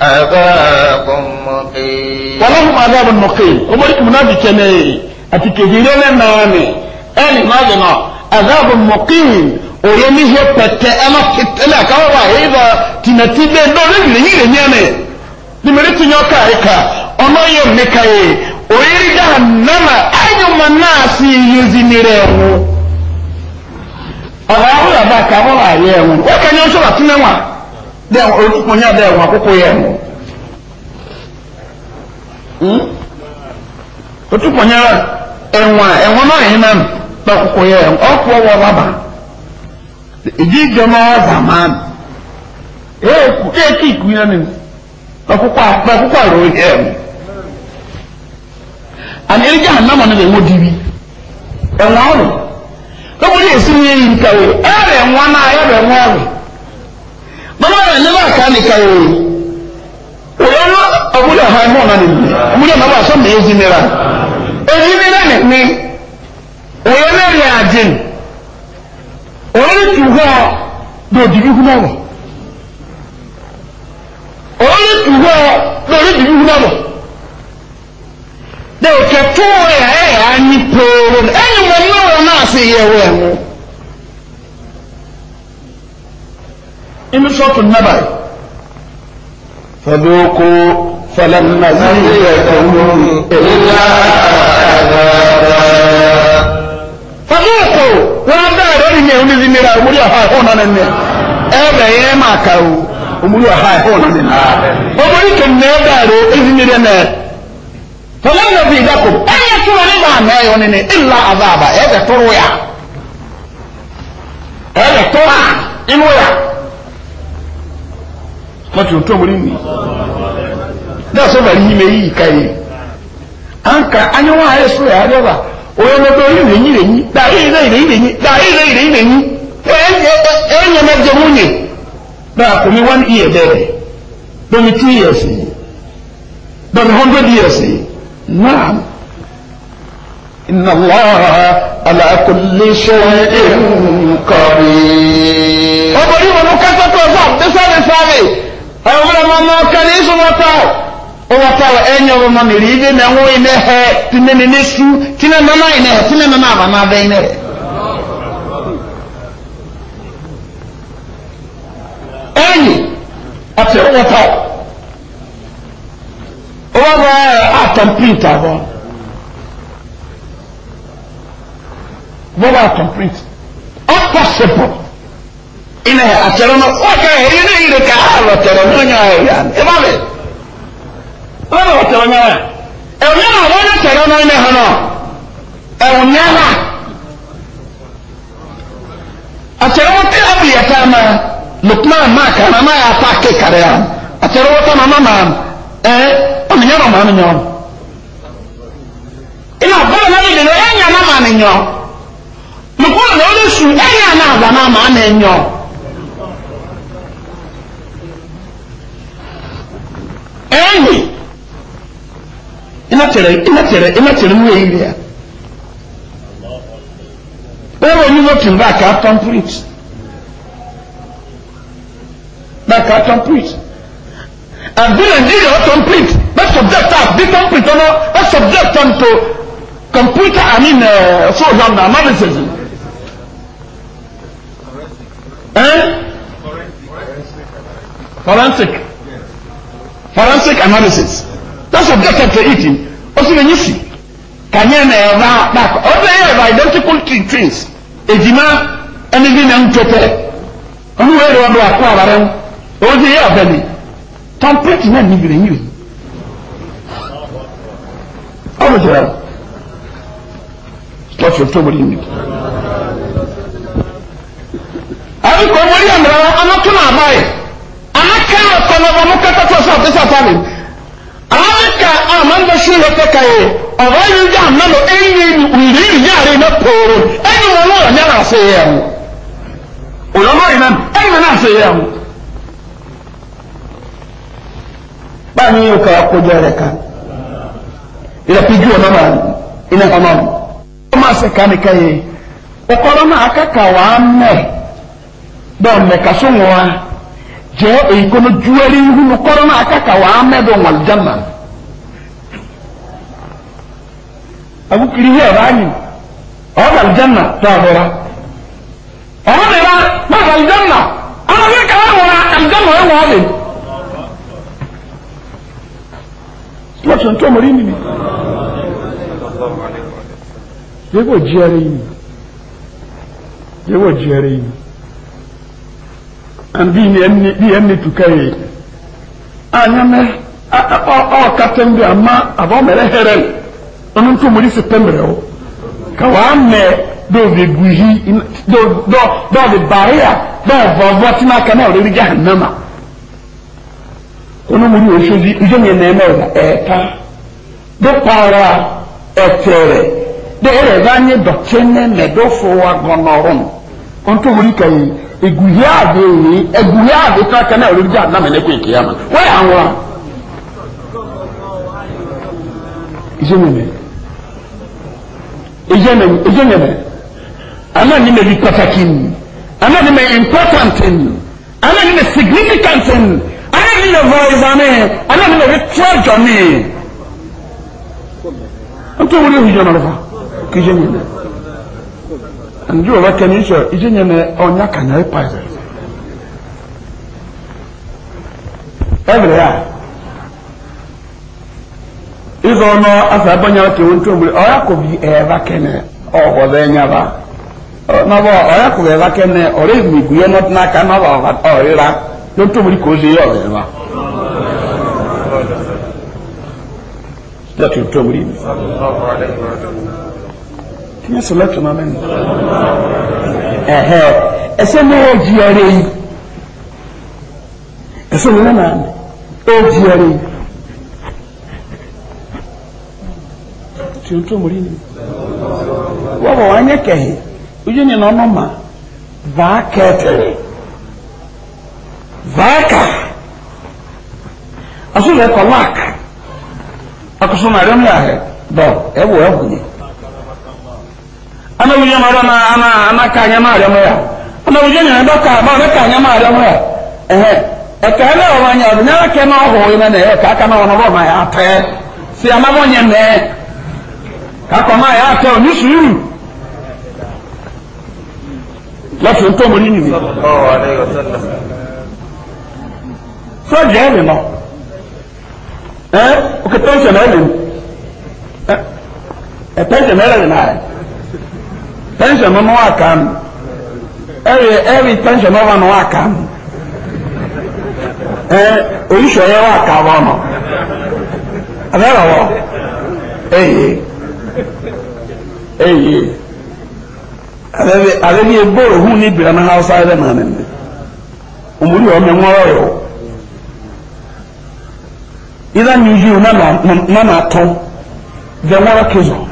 عذاب مقيم ولهم عذاب مقيم ومرك منافق كني أتكهيرين نامي أني ماذا عذاب مقيم oyemi hɛ pɛtɛ ɛna fitɛlɛ akawo wa hɛ ba tinati bɛ dɔ ne nyina nyina nyɛ ne nimiri ti nyɛ ka ɔno yɛ mika ye oyiri gaha nama anyuma naasi dẹ́ orúkọ yẹn ya wọn àkókò yẹn orúkọ yẹn ẹ̀wọ̀n ẹ̀wọ̀n náà yẹn náà dẹ́ àkókò yẹn ọ̀pọ̀ wọ bàbà èyí ìjọba ọ̀zà máa èèkù kéèkì ìkú yẹn ni àkókò àkókò àrò yẹn àni erigi dibi enwa na e, enwa na rẹ̀ ní ka ká nìkan o òyìnbó ọ̀gbọ́dọ̀ ha ẹ̀hún ọ̀nà nìyí múlẹ̀ máa bá sọ mọ̀ èyí nira èyí nira nìní òyìnbó rẹ̀ àjìn òyìnbó tù họ́ dòdì bí ya inú sọ́ọ̀tún náà báyìí. fọdúkú fọlẹ́nà sí ẹ̀kọ́ ìlà àgbàdà. fọdúkú wọn bá ẹ̀rọ ìyẹn omi sí nira òmùrí ọ̀há ẹ̀họ́ náà nínú ẹ̀ ẹ̀rẹ̀ yẹn máa kà ó òmùrí ọ̀há ẹ̀họ́ náà nínú. òmùrí kìnnìún ẹ̀ bá ẹ̀rọ ìyẹn nira náà fọlẹ́nà sí ìdákò ẹ̀yẹ tí wọn nígbà náà ẹ̀yọ nínú ìlà àgbàdà ẹ̀ bẹ̀ tó rọ̀ yà mọ́tò tó mú rí mi dá sọ bàrí yìí mẹ́yì ìka yìí ànkà anyọ́wọ́ ayé sọ yà á rẹ̀ wà òye lọ́dọ̀ yìí lè yín lè yín dà yìí lè yín lè yín dà yìí lè yín lè yín ẹ̀yẹ mẹ́jọ mú yẹ dá kò ní one year bẹ́ẹ̀ lómi two years yìí hundred years yìí náà. إن الله على كل شيء قدير. ọmọ yìí wọn ló kẹ́sọ́ tó ọ̀sán tẹ́sán lè sáré ɛwura ma ma ɔka ne nso wɔtaw wɔtaw ɛnyɛ wɔn ma mɛri ibe na ɛwɔ yi ne hɛ ti ne ne ne su ti ne nana yi ne hɛ ti ne nana aba na abɛn ne hɛ. ɛnyi ɔte wɔtaw wɔn bɛ atampirita bɔ Ine ya atɛrɛ no ɔka ɛyɛ ne yiri ka a wɔtɛrɛ no ɔnya ɛyɛ ɛba bɛ ɔba bɛ wɔtɛrɛ ɔnya ɛwɔnya na wɔnya tɛrɛ no ɛna hɔ no ɛwɔnya na atɛrɛ wɔ tɛ abi yɛta ma lukman ma ka na ma yɛ e, afa ake kare a atɛrɛ wɔ tɛ ma ma ma ɛɛ ɔna nyɛ na ma ne nyɔ ina bɔl na ne de no ɛnya na ma ne nyɔ lukman na ɔne su ɛnya na aba na ma ne nyɔ. ɛnyi ina tere ina tere ina tere mu eyi bia ɛwɔ ni no tun back up print. back up complete abi nigeria o complete bɛ subject am bi print ɔnɔ bɛ subject am to computer i mean ɛɛ so na na analysis ɛn eh? forensic forensic analysis that's objective to eating ó sì lè yín sí kànyẹ́ na ẹ̀rọ àpapọ̀ ó lè yẹ ẹ̀rọ identical twins èjìmá ẹni bí na ń tẹ́tẹ́ ọ̀nà wẹ́rẹ́ wọn lọ àkó àbárẹ́ wọn ó sì yẹ ọ̀bẹ ni complete náà níbi rẹ̀ yìí ọ̀rọ̀ jẹ́ ẹ̀rọ tọ́sí tó wọlé mi. àbíkọ̀ wọlé àmì rẹ̀ wọn ọ̀nà tó náà báyìí kaa kɔnɔ ba mo kata tɔ sɔ a tɛ sɔ ta mi ale ka a man bɛ su yɛtɛ ka ye ɔba yi di a nalo e yi wuli yi yaare na pooro e yi wɔn wɔn yɛ na se yɛ o o yɛ wɔn yɛ na e yi na se yɛ o ba mi yi o ka ko jɔ yɛrɛ kan yɛrɛ pi ju o nama ina kama o ma se kan de ka ye o kɔrɔ na a ka ka wa mɛ dɔn mɛ ka so wa jẹ́ èyí kó ló juwẹ́rí hunu kọ́rọ́ náà kàkà wàá mẹ́dọ̀ wọn jẹ́nà. abukiri yẹ ọba anyi ọba aljanna tó abọra ọba de la ma ọba aljanna ọba de kala wọra aljanna ẹ wọ ọbẹ. lọ́sọ̀ ntọ́ mọ̀rí mi yẹ́wọ́ jíẹ́rẹ́ yìí yẹ́wọ́ jíẹ́rẹ́ yìí and bi ni bi ni tukaye anyame ọ katem bi ama aba mere heren ono nto muri september o ka wa me do guhi do do baria do vovo ti na kana ori nama ono muri o shoji ije ni na eme o eta do para etere de ere ba ni do chene me wa gonorun ntọ́ wòlí ka yìí eguhie ade yìí eguhie ade tó aka náà olùdíje àdámẹ́ ní ẹ̀kọ́ ìkẹyà ma wọ́n yà wọ́n. ìjẹ́ mẹ́mẹ́ ìjẹ́ mẹ́mẹ́ ìjẹ́ mẹ́mẹ́ àná ni mẹ́bi pàtàkì ni àná ni mẹ́ important ni àná ni mẹ́ significant ni àná ni mẹ́ vọ́ọ̀zán ni àná ni mẹ́ ritual ni ntọ́ wòlí ìhùjọ́ náà lọ́fà kìjẹ́ mẹ́mẹ́. ndio wakanisho ijenye ne onyaka na e ya every year no ke wonto muri oyako bi eva kene ogo benya na bo oyako eva kene ore mi guye not na ka na ba orira wonto muri ko je yo ba That you told kí ni sọlá tó máa mẹ́nu. ẹsẹ̀ mi yóò jí ẹrẹ́ yìí ẹsẹ̀ mi náà náà ó jí ẹrẹ́ yìí. tí o tó mọ̀ rí ni wọ́n wọ̀ wá nyẹ́ kẹ̀hìn ojú ni nọ́ọ́nọ́ mà bàá kẹ́ẹ̀tẹ̀rẹ̀ bàá kà asúlẹ̀ kọ̀ láàkì akọ̀sọ́nà rẹ̀ ń yà hẹ̀ dọ̀ ẹ̀ wọ̀ ẹ̀ wọ̀ yẹn ana wuya mara ma ana ana ka nya mara mo ya ana wuya nya ba ka ba na ka nya mara mo ya eh e ka na o wanya bi na ke ma ho ina na e ka ka na wono ro ma ya te si ama mo nya ne ka ko ma ya te o ni suru la tun to mo ni ni sallallahu so je mi mo eh o ke to se na ni eh e pe se na ni e. na pension no no aka no every every pension no no aka no eh oyisọ yẹ wa aka wọn no abẹ́rẹ́ wọ eye eh, eye eh, eh. abẹ́rẹ́ abẹ́rẹ́ yẹ bóòlù e hu ní bìrẹ̀ náà hausa ẹ̀rẹ́ náà nìyẹn òmùdí ọmọ ẹ̀ ńwọ́rọ̀ yọ ìdá nìyí náà nà tó bẹ̀ ńwọ́rọ̀ kézọ̀.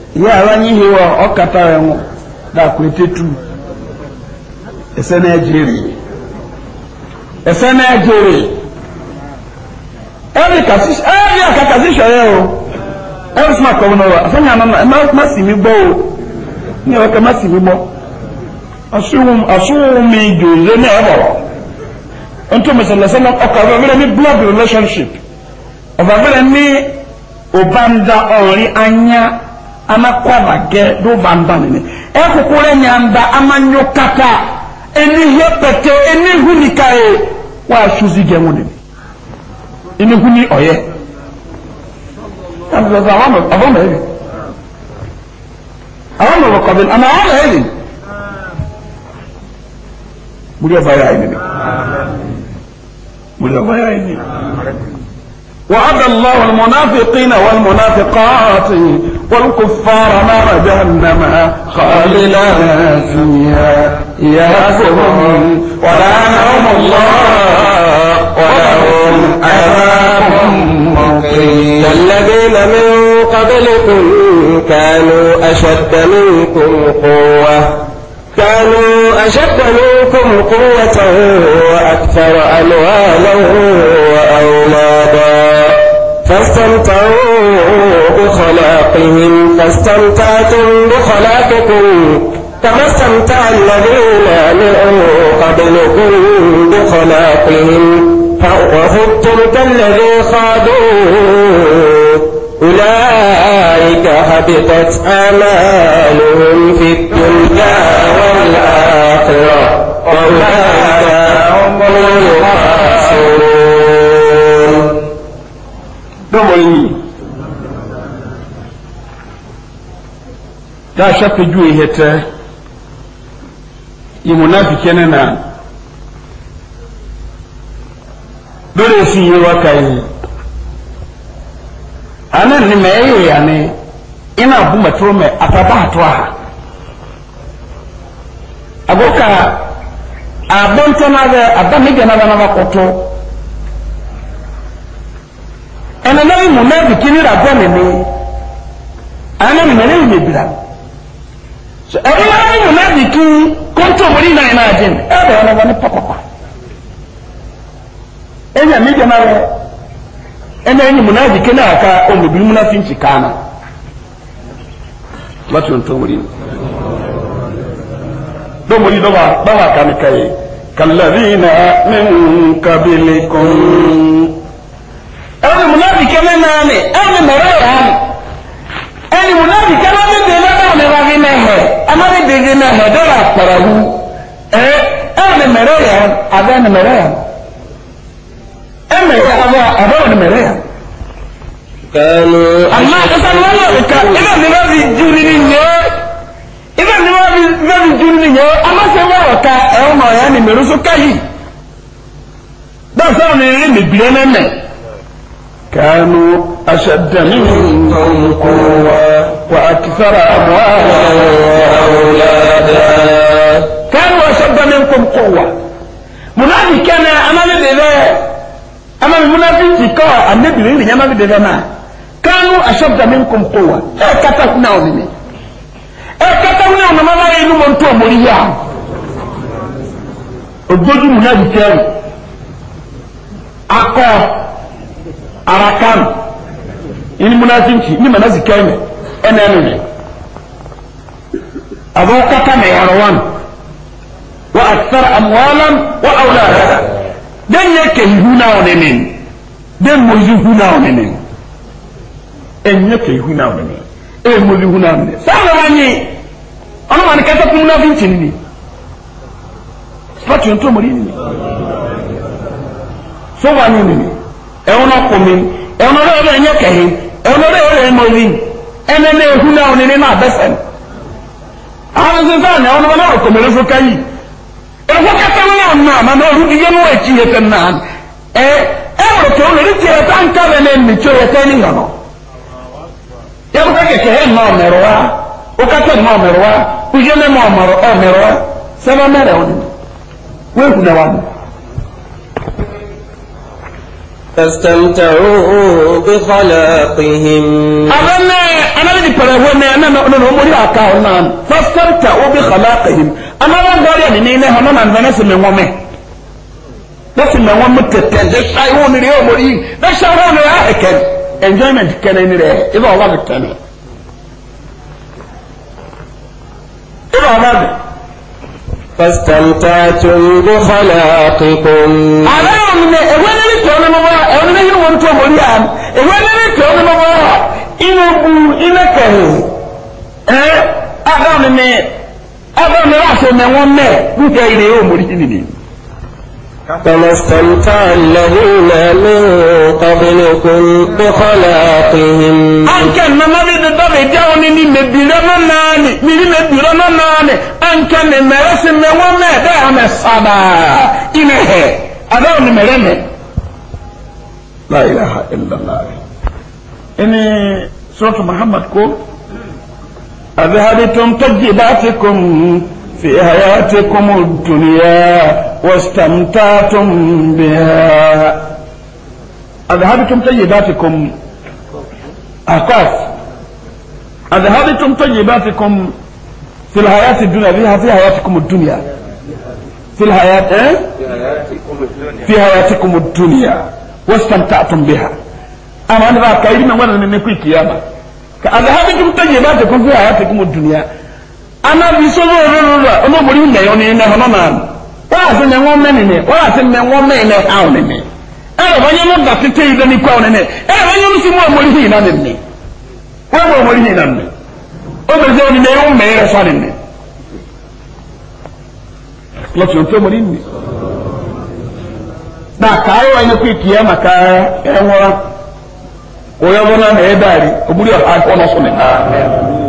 ihe abanyihi wɔ ɔkata ọkata ho daako etetu ese na ɛgyere ese na ɛgyere ɛbi kasi ɛbi aka kasi hwɛɛ o ɛbi soma kɔm na wɔ afɛnya no ɛma ma si mi bɔ o um, um ne yɛ ma si mi asuwum asuwum mi na mi blood relationship mi anya. ana kwaba gɛ do bamba nene ɛkokore nyanda ama nyokata ɛni hɛ pɛtɛ ɛni huni kae waasuzi gɛ ŋo nene ɛni huni ɔyɛ ɛnzɔzɔ awɔ mɛ ɛbi awɔ mɛ wɔkɔbi ama awɔ mɛ ɛbi muri ɔba yɛ ayi nene muri ɔba yɛ ayi nene. وعد الله المنافقين والمنافقات والكفار نار جهنم خالدا فيها يأسهم ولا نوم الله ولهم عذاب مقيم الذين من قبلكم كانوا أشد منكم قوة كانوا أشد منكم قوة وأكثر أموالا وأولادا فاستمتعوا بخلاقهم فاستمتعتم بخلاقكم كما استمتع الذين من قبلكم بخلاقهم وخبتم كالذي خادوا أولئك هبطت أعمالهم في الدنيا والآخرة وأولئك هم الخاسرون dɔmɔnyi taa shaka juyi hete yi munafike ne na dole si yi wa kai anan ni mai yi ya ne ina bu mato mai ataba atuwa agoka abantana da abamiga na bana bakoto ɛnɛ lɛ imu lɛ bikini la gbɔ nini ana mi nana imu ebira ɛbi lɛ imu lɛ biki kɔntɔ wuli na yi na adi ni ɛbɛ yɛ ni pɔpɔpɔ ɛnyɛ mi jɛ na yɛ ɛnɛ imu lɛ biki na aka ɔmu bi mu na fi nti kaana lati ntɔ wuli dɔwɔli dɔwɔ dɔwɔ akanika ye kalabina min kabilikun ẹni munafi kẹlẹ náà ni ẹni mẹrẹ yà ni ẹni munafi kẹlẹ ni dèrè náà ni rafi náà hẹ amadi dèrè náà hẹ dọlà àkpàràwù ẹ ẹni mẹrẹ yà ni abẹ ni mẹrẹ yà ni ẹni yà abẹ abẹ ni mẹrẹ yà ni. àmà ẹsẹ̀ ni wọ́n yọ ìka ibà ni wọ́n fi júri ni nyẹ́ ibà ni wọ́n fi wọ́n fi júri ni nyẹ́ àmà sẹ́ wọ́n yọ ká ẹ̀wọ̀n ọ̀yà ni mẹrẹ sọ ká yìí. dọ́sẹ̀ wọn ni rí mi كانوا أشد منكم قوة وأكثر أموالا وأولادا كانوا أشد منكم قوة منافق كان أمام الإله أمام المنافق كان النبي يقول أمام الإله كانوا أشد منكم قوة أكتفنا مني أكتفنا من ما ينو من تو مريا الجوج منافق كان أقوى arakan ini munafinci ni mana zikai ne ɛnɛ ne abu kaka mai yarawan wa akthar amwalan wa aulada dan yake huna wani ne dan mozi huna wani ne en eh, yake huna wani ne eh, en mozi huna wani ne wani ana wani kasa kuma munafinci ne spatio ntomori ne so wani ne ẹ̀wọ̀n ọkùnrin ẹ̀wọ̀n ọ̀rẹ́ ọ̀rẹ́ ẹ̀yẹ kẹ̀hìn ẹ̀wọ̀n ọ̀rẹ́ ọ̀rẹ́ ẹ̀mọ̀rin ẹ̀nẹ́ ní ehu náà ní nínú abẹ́fẹ́ ni. àwọn ẹ̀sìn sáà ní ẹ̀wọ̀n ọ̀rẹ́ ọkùnrin fún káyì ẹ̀wọ̀n kẹta náà nà àmà náà olú yẹn wọ̀ ẹ̀kí na náà ẹ ẹ̀wọ̀n tó lórí فاستمتعوا بخلاقهم أنا أنا اللي بروهم أنا أنا أنا أموري أكاونان فاستمتعوا بخلاقهم أنا ما قال يعني نينا هم أنا أنا سمع ومه بس ما هم متتن ده شايفون اليوم مريم ده شايفون الأهكل enjoyment كان ينرى إذا الله بتكلم إذا الله فاستمتعتم بخلاقكم أنا من أولي كون مبارا أولي يوم تو مريان أولي كون مبارا إنبو إنكه أغامي أغامي رأسه من ومه بكاين يوم مريان كما استمتع الذين من قبلكم بخلاقهم أنك ما بيد دبي جاوني ني مبيرنا ناني ني مبيرنا ناني أنك نمرس نوما دعم الصبا إنه هذا من نمرنا لا إله إلا الله إن سورة محمد كو أذهبتم تجيباتكم في حياتكم الدنيا واستمتعتم بها أذهبتم طيباتكم أقاف أذهبتم طيباتكم في الحياة الدنيا بها في حياتكم الدنيا في الحياة في حياتكم الدنيا واستمتعتم بها أما أنا بقى كايرين من وانا نمكوي كياما أذهبتم طيباتكم في حياتكم الدنيا أنا بيسوزو رولو رولو رولو مريم نيوني نهنو نانو wáàsí mi wọn mẹ́nìní wáàsí mi wọn mẹ́nìní àwọn nìní ẹ̀rọ wọn yẹn onye dàtí tẹ́ ìdẹ́ni kọ́ àwọn nìní ẹ̀rọ wọn yẹn wọn sì mú ọmọ yìí náà nìní wọn mú ọmọ yìí náà nìní ó bẹ̀rẹ̀ sẹ́wọ́n nìní ẹ̀yọ́ mẹ́rin rẹ̀ lọ́tí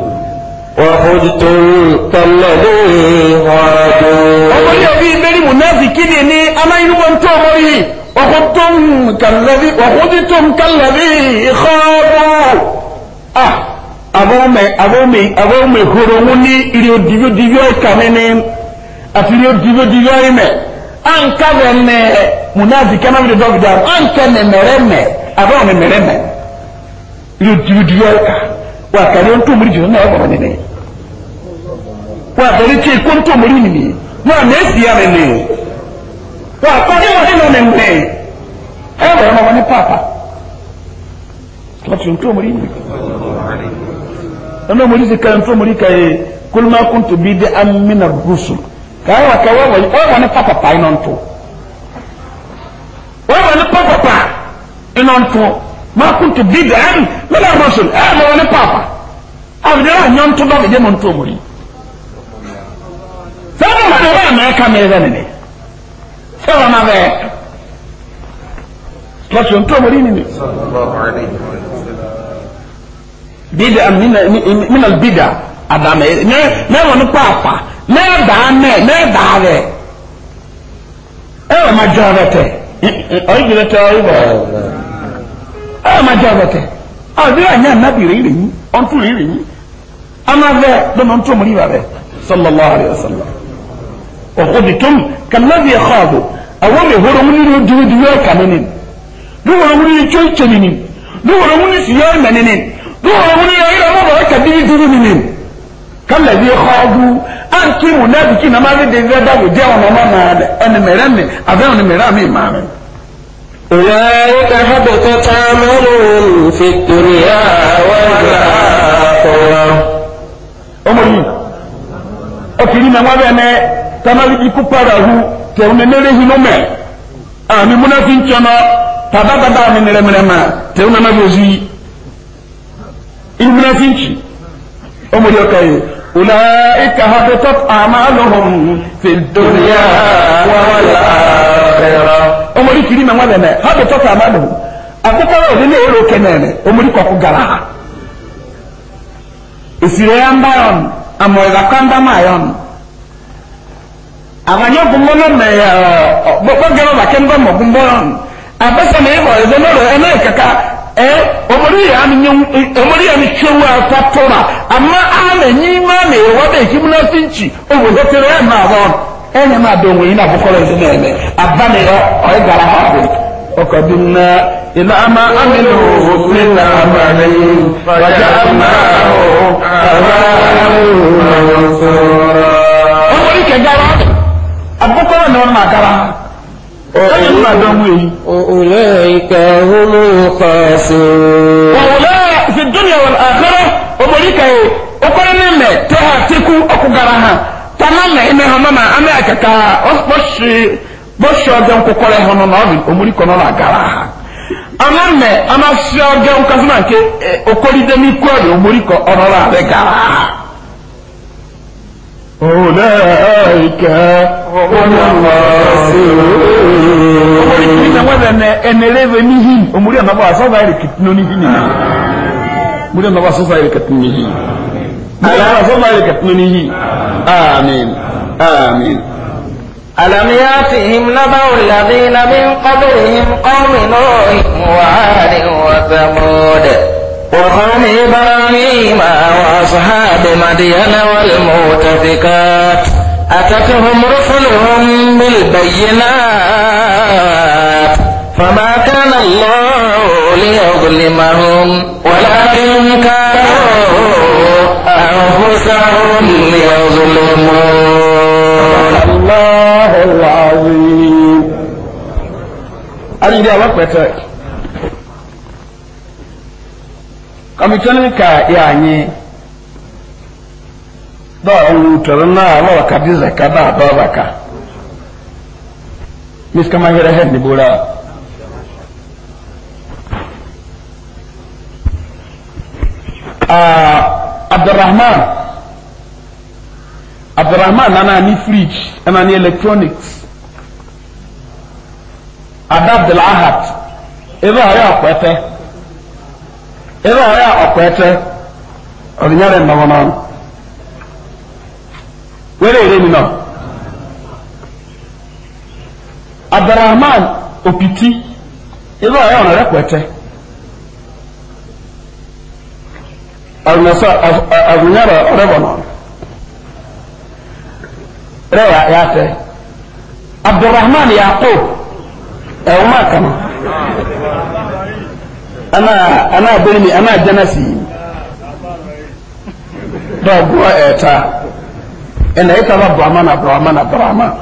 وخذتم كالذي وعدوا وقل يبي بني منافقين ني انا ينوم تومري وخذتم كالذي وخذتم كالذي خابوا اه abomi abomi abomi horongo ni iri odivyo divyo ikanene ati iri odivyo divyo ime anka vene munafiki ama vile dovidaru anka ne mereme abomi mereme iri odivyo divyo ikanene wakari onto muri jino na ɔbɔ nene wakari tse ko onto muri nini wa na esi ya nene wakari wani na nene ɛbɔ na wani papa lati onto muri nini ɔno muri zika onto muri ka ye kulma kuntu bi de amina rusul ka ayi wakari wɔwɔ wɔwɔ ne papa pa ina onto wɔwɔ ne papa pa ina onto ma kuntu bid'an min ar-rusul eh ma wani papa abdira nyon to do je mon to muri sama ma ra ma ka me zane ne sama ma be kaso to muri ni ne sallallahu alaihi wa sallam bid'an min min al-bid'a adama ne ne wani papa ne da ne ne da re eh ma jawete oyi jawete oyi ba ẹ máa jẹ ọ̀bẹ̀tẹ̀ ọ̀dẹ́ àyà nàbì rèé rèé ọ̀ntún rèé rèé ama bẹ́ẹ̀ lọ́nà tó mọ̀ níbà bẹ́ẹ̀ sọlọ́lá àrẹ ọ̀sọ̀lá ọ̀kọ́dì tó kàlọ́bì ẹ̀kọ́ àbò àwọn ìhòòrò wọn nínú dúdúwé ọ̀kà nínú dúwòrò wọn nínú tíọ́ìtì nínú dúwòrò wọn nínú sìyọ́ ẹ̀mẹ̀ nínú dúwòrò wọn nínú ayélujára wọn bọ̀ ọ̀kà bíbí dúró nínú kàlọ́bì ẹ̀kọ́ àbò àǹkí mùnàbìkì nàmáfẹ́ dèvẹ́ dàgbò jẹ́ ọ̀nà ọmọ náà ẹni mẹ̀rẹ́ mi àbẹ́ ọ̀nà mẹ̀rẹ́ mi máa rẹ̀. أولئك حبطت أعمالهم في الدنيا والآخرة ọmọdé ọkìrì náà wọn bẹ ní tamali ikú padà hu tẹun ní nílé hinú mẹ àmì múnáfi ń tíọ́nà tàbátàbá àmì nírẹ́mìrẹ́mà tẹun náà bẹ zu yìí ìlú múnáfi ń tì ọmọdé ọkà yìí ọ̀là ìkà habitat àmàlùhùn fìdúnyà wàhálà. omori kiri ma ha bɛ tɔta ama no akokɔrɔ ɔde ne ero kɛnɛɛmɛ omori kɔkɔ gara ha esire ya mba yɔn amɔyɔga kanda ma na mɛ ɔ gbɔgbɔ gɛrɛ ba kɛnbɛ mɔ gbɔngbɔn yɔn abɛsɛ ne ihɔ ro ɛnɛ kaka ɛ omori yɛ nye omori mi ama mi ẹ̀yìn máa dọ̀ wọ̀nyí na bukọ́lọ̀ ẹ̀sìn náà eme abáni gara ha bẹ̀ ọkọ̀ bí nà ilà àmà àmìlò nílà àmàlẹ́ yìí wàjà ike gara abukọ́lọ̀ na wọ́n ha ẹ̀yìn máa dọ̀ wọ̀nyí. òlẹ́ ìkẹ́ ọmọ ìkọ́ sí. tọ́nà mẹ́rin mẹ́rin ọmọ máa amẹ́ àkàkà bọ́sì ọjọ́ nkókọ́rẹ́ hàn náà ọ̀bì omúrí kan náà gàrà ha ọmọ mẹ́ ọmọ sí ọjọ́ nkásínà ké e, okòlídé ní ikú ọ̀bì omúrí kan ọ̀nà ọ̀rọ̀ àbẹ́ gàrà ha. أولئك هم الخاسرون. أولئك من وزن أن ريفنيهم أموري أنا بقى صوبها يركتنوني هنا. أموري أنا بقى صوبها يركتنوني هنا. على ثمرك ثمنه آمين آمين ألم يأتهم نبأ الذين من قبلهم قوم نوح وعاد وثمود وقوم إبراهيم وأصحاب مدين والمؤتفكات أتتهم رسلهم بالبينات فما كان الله ليظلمهم ولكن كانوا أنفسهم يظلمون الله العظيم أرجع وقتك kamitanka yanyi dɔɔ wutare naa lɔɔ ka di zaka daa dɔɔ zaka miskama yɛrɛ hɛ ni bora aa abdulrahman abdulrahman nana ni fridge ɛna ni electronics ada abdulahad ebe ɔyɛ ɔkɔɛtɛ ebe ɔyɛ ɔkɔɛtɛ ɔdinyɛrɛ nnɔbɔ n'ɔnụ wɛrɛ ere mi nọ abdulrahman opiti ebe ɔyɛ ɔnɔrɛ kɔɛtɛ. almusa abunyara rebanon rewa ya tɛ abdurrahman yaqub ɛwuma kama ana ana benimi ana janasi dɔw bɔ ɛta ɛna e taara burahman aburahman aburahman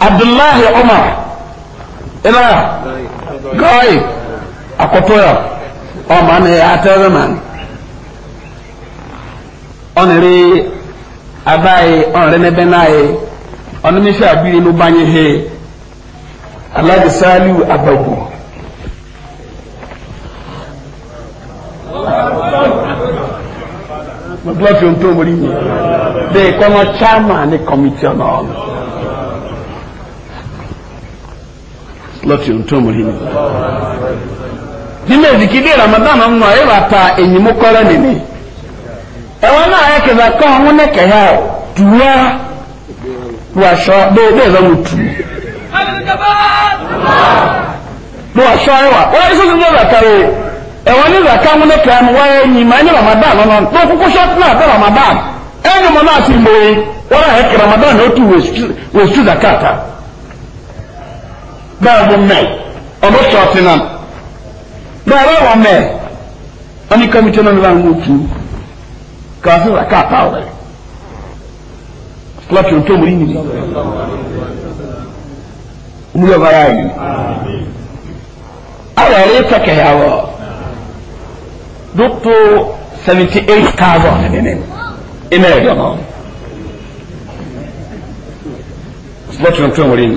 abdullahi umar ina gai akotoya o ma ne atere man e, onere abai onere nebe nae onu mi fi abiri no banye he alaji saliu abagu mo dúró fi ohun tó mo rí yìí bẹ́ẹ̀ kọ́nà chairman ní committee ọ̀nà ọ̀nà. lọ́tí ohun tó Ramadan yìí ni. nínú ìdíkìdí ramadan ọ̀nà ẹ̀ bá ta èyìnmó kọ́rẹ́ nìní. ẹ̀wọ̀n náà ẹ̀ kẹ̀dà kọ́ ọ̀hún ní kẹ̀yà tùwá wàṣọ bẹ́ẹ̀ lọ́mù tù. ló wàṣọ ẹ̀ na wọ́n ẹ̀sọ́ sísọ zakare ẹ̀wọ̀n zaka ọ̀hún ní kẹ̀yà mu wáyé ẹ̀yìn ramadan ọ̀nà tó ramadan bẹ́ẹ̀ bó mẹ́ ọmọ sọ̀tì náà bẹ́ẹ̀ bẹ́ẹ̀ wọ́n mẹ́ ọmọ kọ́mítì náà nígbà wọ́n tu kàásì rà káàtà rẹ̀ láti ọ̀tọ́ mú yìí mú yọ bára yìí ara rẹ̀ tẹ̀kẹ̀ yà wọ̀ dókítọ̀ seventy eight thousand nínú ẹ̀ ẹ̀ náà yẹ dọ̀ náà mú yìí.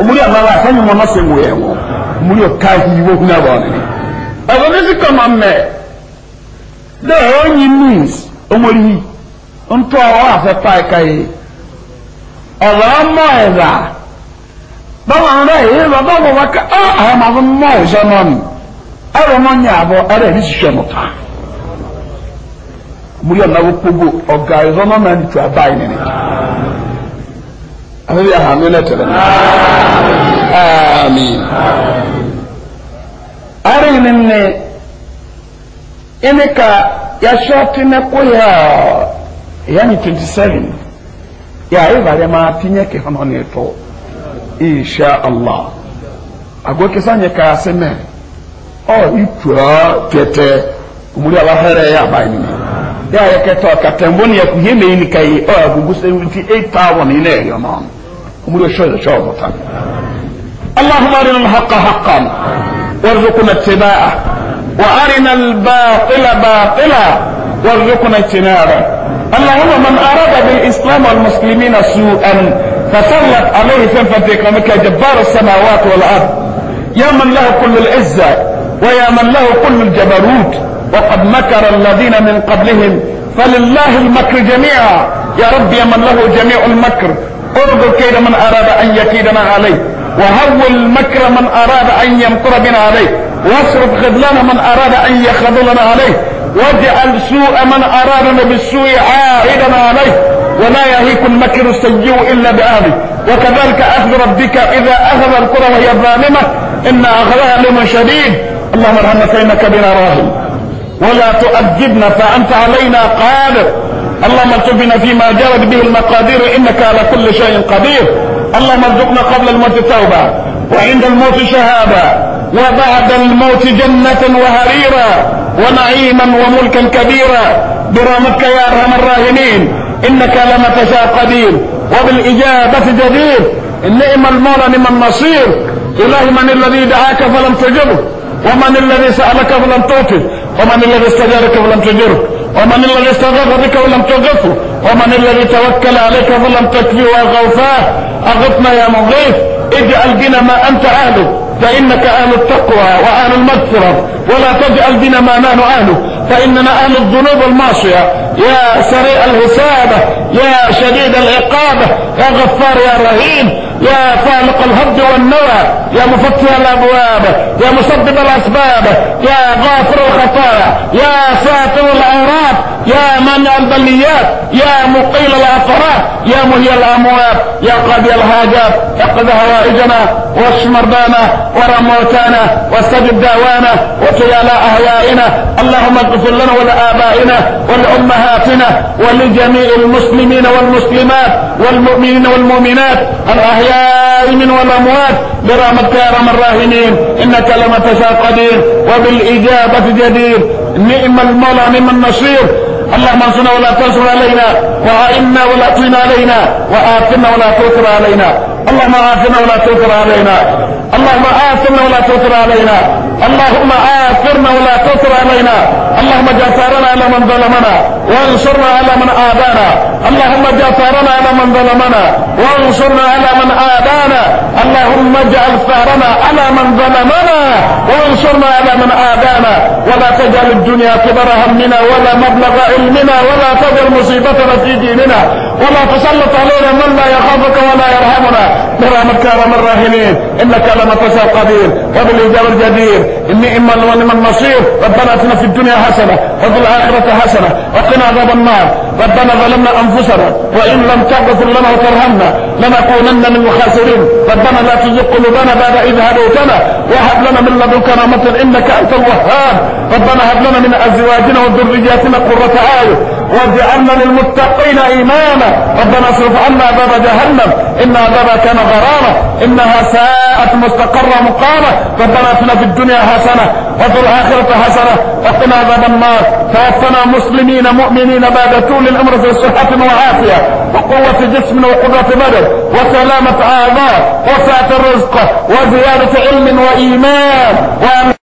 omuli amala asanyu mwana senguyewo omuli okahiiwe okunabonene kama mme the only means omuli ontwawo afe paikaye ọlọmọ ẹ̀dà báwọn ará èyí lọ báwọn wá ká àwọn máa fi mọ òṣìṣẹ́ náà nù náà ní ọ̀gá náà nìyẹn náà. آمين أرين إني ka ya قويا يعني 27 يا إيبا لما تنيك هنونيتو إن شاء الله أقول كسان يكا سمع أو إيبا تيتي umuri abahere ya abayi ya ya keto ya ni yakuye me ni kai nti 8000 اللهم أرنا الحق حقا وارزقنا اتباعه وأرنا الباطل باطلا وارزقنا اجتنابه اللهم من أراد بالإسلام والمسلمين سوءا فسلط عليه في كرمك جبار السماوات والأرض يا من له كل العزة ويا من له كل الجبروت وقد مكر الذين من قبلهم فلله المكر جميعا يا رب يا من له جميع المكر ارض كيد من أراد أن يكيدنا عليه وهول مكر من أراد أن يمكر بنا عليه واصرف خذلان من أراد أن يخذلنا عليه واجعل سوء من أرادنا بالسوء عائدا عليه ولا يهيك المكر السيئ إلا بأهله وكذلك أخذ ربك إذا أخذ القرى وهي ظالمة إن أخذها لما شديد اللهم ارحمنا فإنك بنا راهب ولا تؤجبنا فأنت علينا قادر اللهم اكتبنا فيما جرت به المقادير إنك على كل شيء قدير اللهم ارزقنا قبل الموت توبة وعند الموت شهادة وبعد الموت جنة وهريرا ونعيما وملكا كبيرا برامك يا أرحم الراهنين إنك لما تشاء قدير وبالإجابة جدير نعم المولى نعم النصير إله من الذي دعاك فلم تجبه ومن الذي سألك فلم تعطه ومن الذي استجارك ولم تجره ومن الذي استغاث بك ولم تغفره ومن الذي توكل عليك فلم تكفي وغوفاه أغثنا يا مغيث اجعل بنا ما أنت أهله فإنك أهل التقوى وأهل المغفرة ولا تجعل بنا ما نحن أهله فإننا أهل الذنوب المعصية يا سريع الحسابة يا شديد العقابة يا غفار يا رهيم يا فالق الهد والنوى يا مفتح الابواب يا مسبب الاسباب يا غافر الخطايا يا ساتر العراق يا من البليات يا مقيل الافراد يا مهي الاموات يا قاضي الحاجات اقض هوائجنا واشف مرضانا ورى موتانا واستجب دعوانا وكيال اهوائنا اللهم اغفر لنا ولابائنا ولامهاتنا ولجميع المسلمين والمسلمات والمؤمنين والمؤمنات الاحياء من والاموات برحمتك يا ارحم الراحمين انك لما تشاء قدير وبالاجابه جدير نعم المولى نعم النصير اللهم انصرنا ولا تنصر علينا وأئنا ولا تعن علينا وآثنا ولا تؤثر علينا اللهم آثنا ولا تؤثر علينا اللهم آثنا ولا تؤثر علينا اللهم آثرنا ولا تؤثر علينا اللهم جسارنا على من ظلمنا وانصرنا على من آذانا اللهم جسارنا على من ظلمنا وانصرنا على من آذانا اللهم اجعل ثارنا على من ظلمنا وانصرنا على من آذانا ولا تجعل الدنيا كبر همنا ولا مبلغ علمنا ولا تجعل مصيبتنا في في ديننا ولا تسلط علينا من لا يخافك ولا يرحمنا برحمتك يا ارحم الراحمين انك لما تشاء قدير وبالاجابه الجدير اني اما لمن النصير ربنا اتنا في الدنيا حسنه وفي الاخره حسنه وقنا عذاب النار ربنا ظلمنا أنفسنا وإن لم تغفر لنا وترهمنا لنكونن من الخاسرين ربنا لا تزغ قلوبنا بعد إذ هديتنا وهب لنا من لدنك رحمة إنك أنت الوهاب ربنا هب لنا من أزواجنا وذرياتنا قرة أعين واجعلنا للمتقين إماما ربنا اصرف عنا باب جهنم إن هذا كان غرامة إنها ساءت مستقرة مقامة ربنا اتنا في الدنيا حسنة وفي الآخرة حسنة وقنا عذاب النار توفنا مسلمين مؤمنين بعد طول الأمر في صحة وعافية وقوة جسم وقدرة بدن وسلامة أعضاء وسعة الرزق وزيادة علم وإيمان وأمين